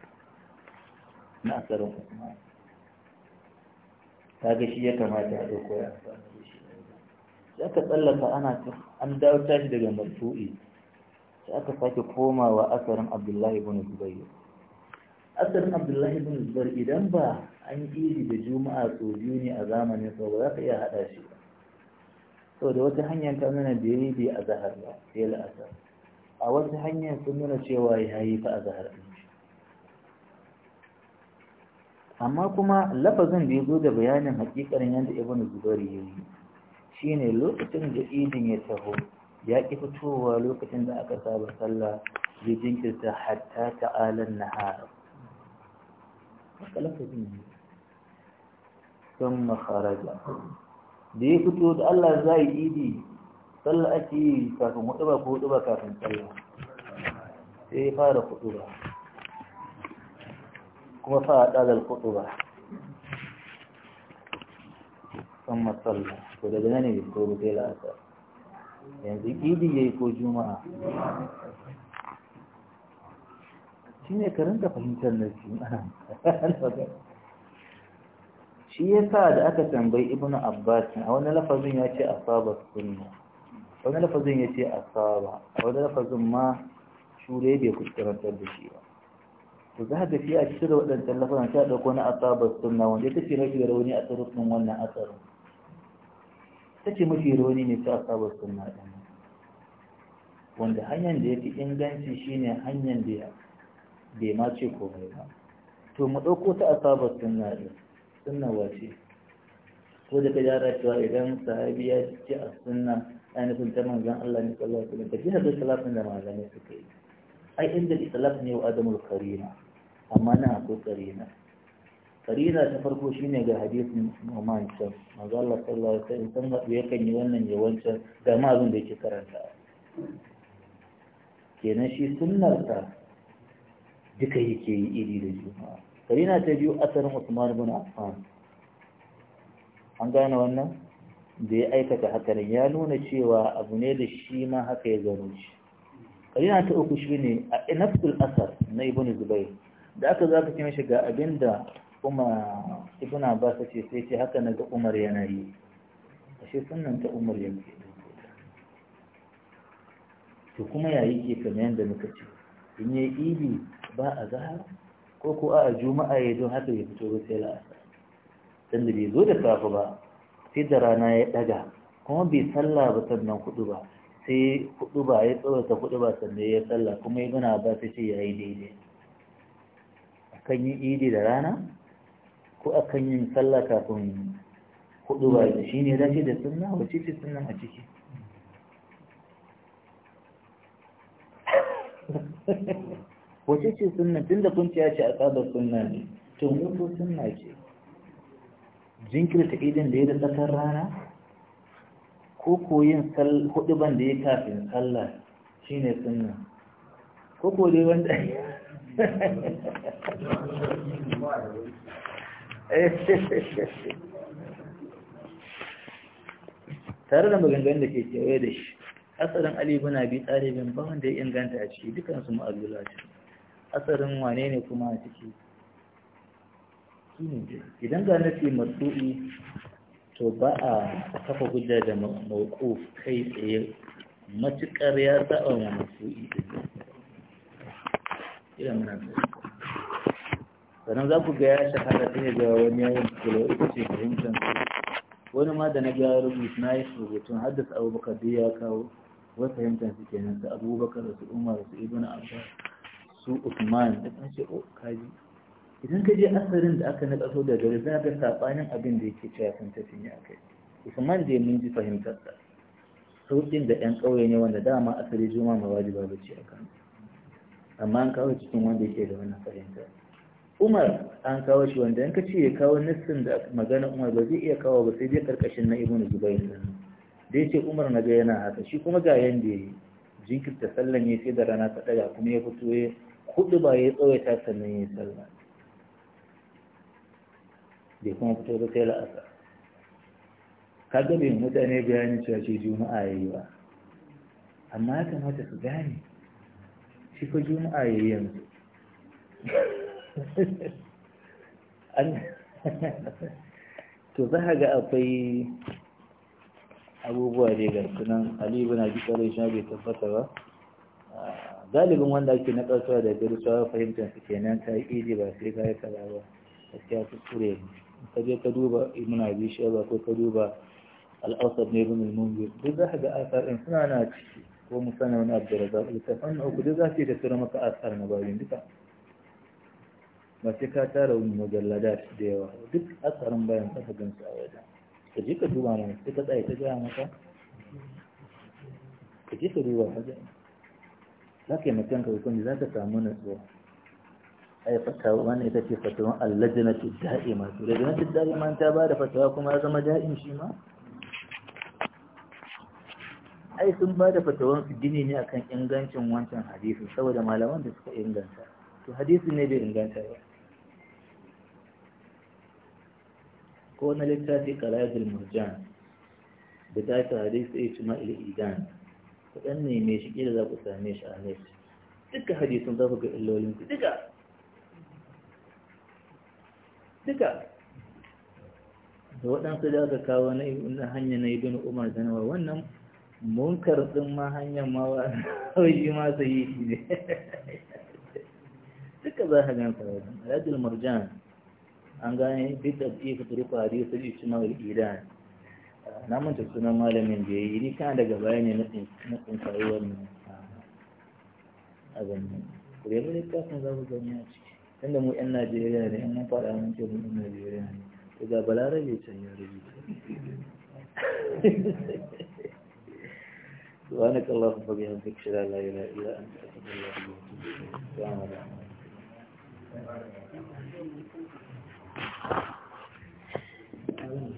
na asarin kuma kaga shi ya kamata a dauko ya sai ka tsallaka ana an dawo tashi daga marfu'i sai aka sake komawa asarin Abdullahi ibn Zubayr asalin abdullahi bin zubar idan ba an idi da juma'a so biyu ne a zamanin sa ba za ka iya haɗa shi ba sau da wata hanyar ta nuna da yayi bai a zahar ba sai la'asar a wata hanyar sun nuna cewa ya yi fa a zahar amma kuma lafazin da ya zo da bayanin hakikarin yadda ibn zubar ya yi shine lokacin da idin ya taho ya ki fitowa lokacin da aka saba sallah zai jinkirta hatta ta'alan nahar haka lafazin ne sun makaraja da ya fito da Allah za yi idi sallah ake yi kafin hudu ba ko hudu kafin sallah sai ya fara hudu ba kuma fara ɗalar hudu ba sun matsalla ko daga nan ne ko bukai la'asar yanzu idi ya yi ko juma'a shi ne ka da fahimtar nassi shi ya sa da aka tambayi ibn abbasin a wani lafazin ya ce asaba sunna wani lafazin ya ce asaba a wani lafazin ma shure bai kuskurantar da shi ba to za ka fi a cikin waɗancan lafazin ta ɗauko na asaba sunna wanda ita ce mafi rauni a tsarukan wannan asarin. ta ce mafi rauni ne ta asaba sunna ɗin wanda hanyar da ya fi inganci shine hanyar da bai ma ce komai ba to mu ɗauko ta asabar sunna ɗin sunna wace ko da ka jara cewa idan sahabi ya ce a sunna ainihin ta manzan Allah ne sallallahu alaihi wasallam ta jihar da salafin da malamai suka yi ai inda itlaf ne wa adamul karima amma na ko karima karima ta farko shine ga hadisin Nu'man can manzo Allah sallallahu alaihi wasallam san yakan yi wannan ya wancan ga ma abin da yake karanta kenan shi sunnar ta duka yake yi iri da juna karina ta biyu asarin usman bin affan an gane wannan da ya aikata ne ya nuna cewa abu ne da shi ma haka ya zaro shi karina ta uku shi ne a nafsul asar na ibn zubair da aka za ka ce ga abinda kuma ibn abbas ce sai ce haka na ga umar yana yi ashe sunan ta umar yi to kuma yayi ke kamar yadda muka ce in yi ibi ba a zahar ko ko a juma'a ya zo haka ya fito sai asar dan da bai zo da safe ba sai da rana ya daga kuma bai sallah ba sannan kudu ba sai kudu ba ya tsawata kudu ba sannan ya salla kuma ya gana ba sai ce yayi daidai akan yi idi da rana ko akan yin sallah kafin kudu ba da shi ne dace da sunna wace ce sunna a ciki wace ce sunna da kun ciya ce a tsada sunna ne to mu ko sunna ce jinkirta idan da ya da tsakar rana ko koyin hudu ban da ya kafin sallah shine sunna ko ko dai wanda tare da maganganun da ke kewaye da shi asalin alibuna bi tsari talibin ba wanda ya inganta a ciki dukansu ma'azula ce asarin wane ne kuma a ciki shi idan ga nufi matsu'i to ba a kafa hujja da mako kai tsaye matuƙar ya saba wa matsu'i ɗin ila muna sannan za ku ga ya shahara ta ga wani yawon kilo ita ce fahimtar wani ma da na ga rubutu na yi rubutun haddasa abubakar da ya kawo wata fahimtar su kenan su abubakar da su umar da su ibina abubakar su Usman da an ce o oh, kaji idan ka je asarin da aka naɗa da gari za ga saɓanin abin da yake cewa sun tafi ne akai Usman da mun ji fahimtar sa sauƙin da ɗan ƙauye ne wanda dama asali juma ma wajiba ba ce kan amma an kawo cikin wanda yake da wannan fahimtar Umar an kawo shi wanda in ka ce ya kawo nassin da magana Umar ba zai iya kawo ba sai dai karkashin na Ibn Zubair ne da yace Umar na ga yana haka shi kuma ga yanda yayi jinkirta sallan ya sai da rana ta daga kuma ya fito hudu ba ya tsawaita sannan ya sallah bai kuma fito da sai la'asa. ka ga bai mutane bayani cewa ce juma'a ya yi ba amma ya kamata su gane shi ko juma'a ya yi yanzu to za ga akwai abubuwa dai ga sunan alibu na jikarai ƙarai shi bai tabbata ba ah, galibin wanda ake na ƙarsuwa da garusuwa fahimtar su kenan ta yi iji ba sai ka yi kaza ba a gaskiya su kure ka je ka duba imuna biyu shi ba ko ka duba al'asar ne ibn al-munzir duk za ka ga asar in suna na ciki ko musamman wani abu da raza littafan na uku duk za ka yi maka asar na babin duka ba sai ka tara wani mujallada da yawa duk asarin bayan ka gan su a wajen ka je ka duba mana sai ka tsaye ta gaya maka ka je ka duba ka za ka yi mutum ka hukunci za ka samu natsuwa ai fatawa wani ita ce fatawan allajinatu da'ima to lajinatu da'ima ta ba da fatawa kuma ya zama da'in shi ma ai sun ba da fatawan su gini ne akan ingancin wancan hadisun saboda malaman da suka inganta to hadisu ne bai inganta ba ko na littafi qara'atul murjan da ta ta hadisi ijma'il idan ku ne neme shi ƙila za ku same shi a net duka hadisun za ku ga illolin duka duka da waɗansu da aka kawo na hanyar na ibn umar zanawa wannan munkar ɗin ma hanyar ma wa ɗauki ma su yi shi ne duka za ka gansa wajen rajul marjan an gane bidda ifa su yi shi wal idan na manta sunan malamin da ya yi ni kana daga baya ne na tsinkayi wannan a ah, nan ku da littafin za ku gani a ciki tunda mu yan najeriya da yan faɗa mun ce mu yan najeriya ne to ga balarabe can ya rubuta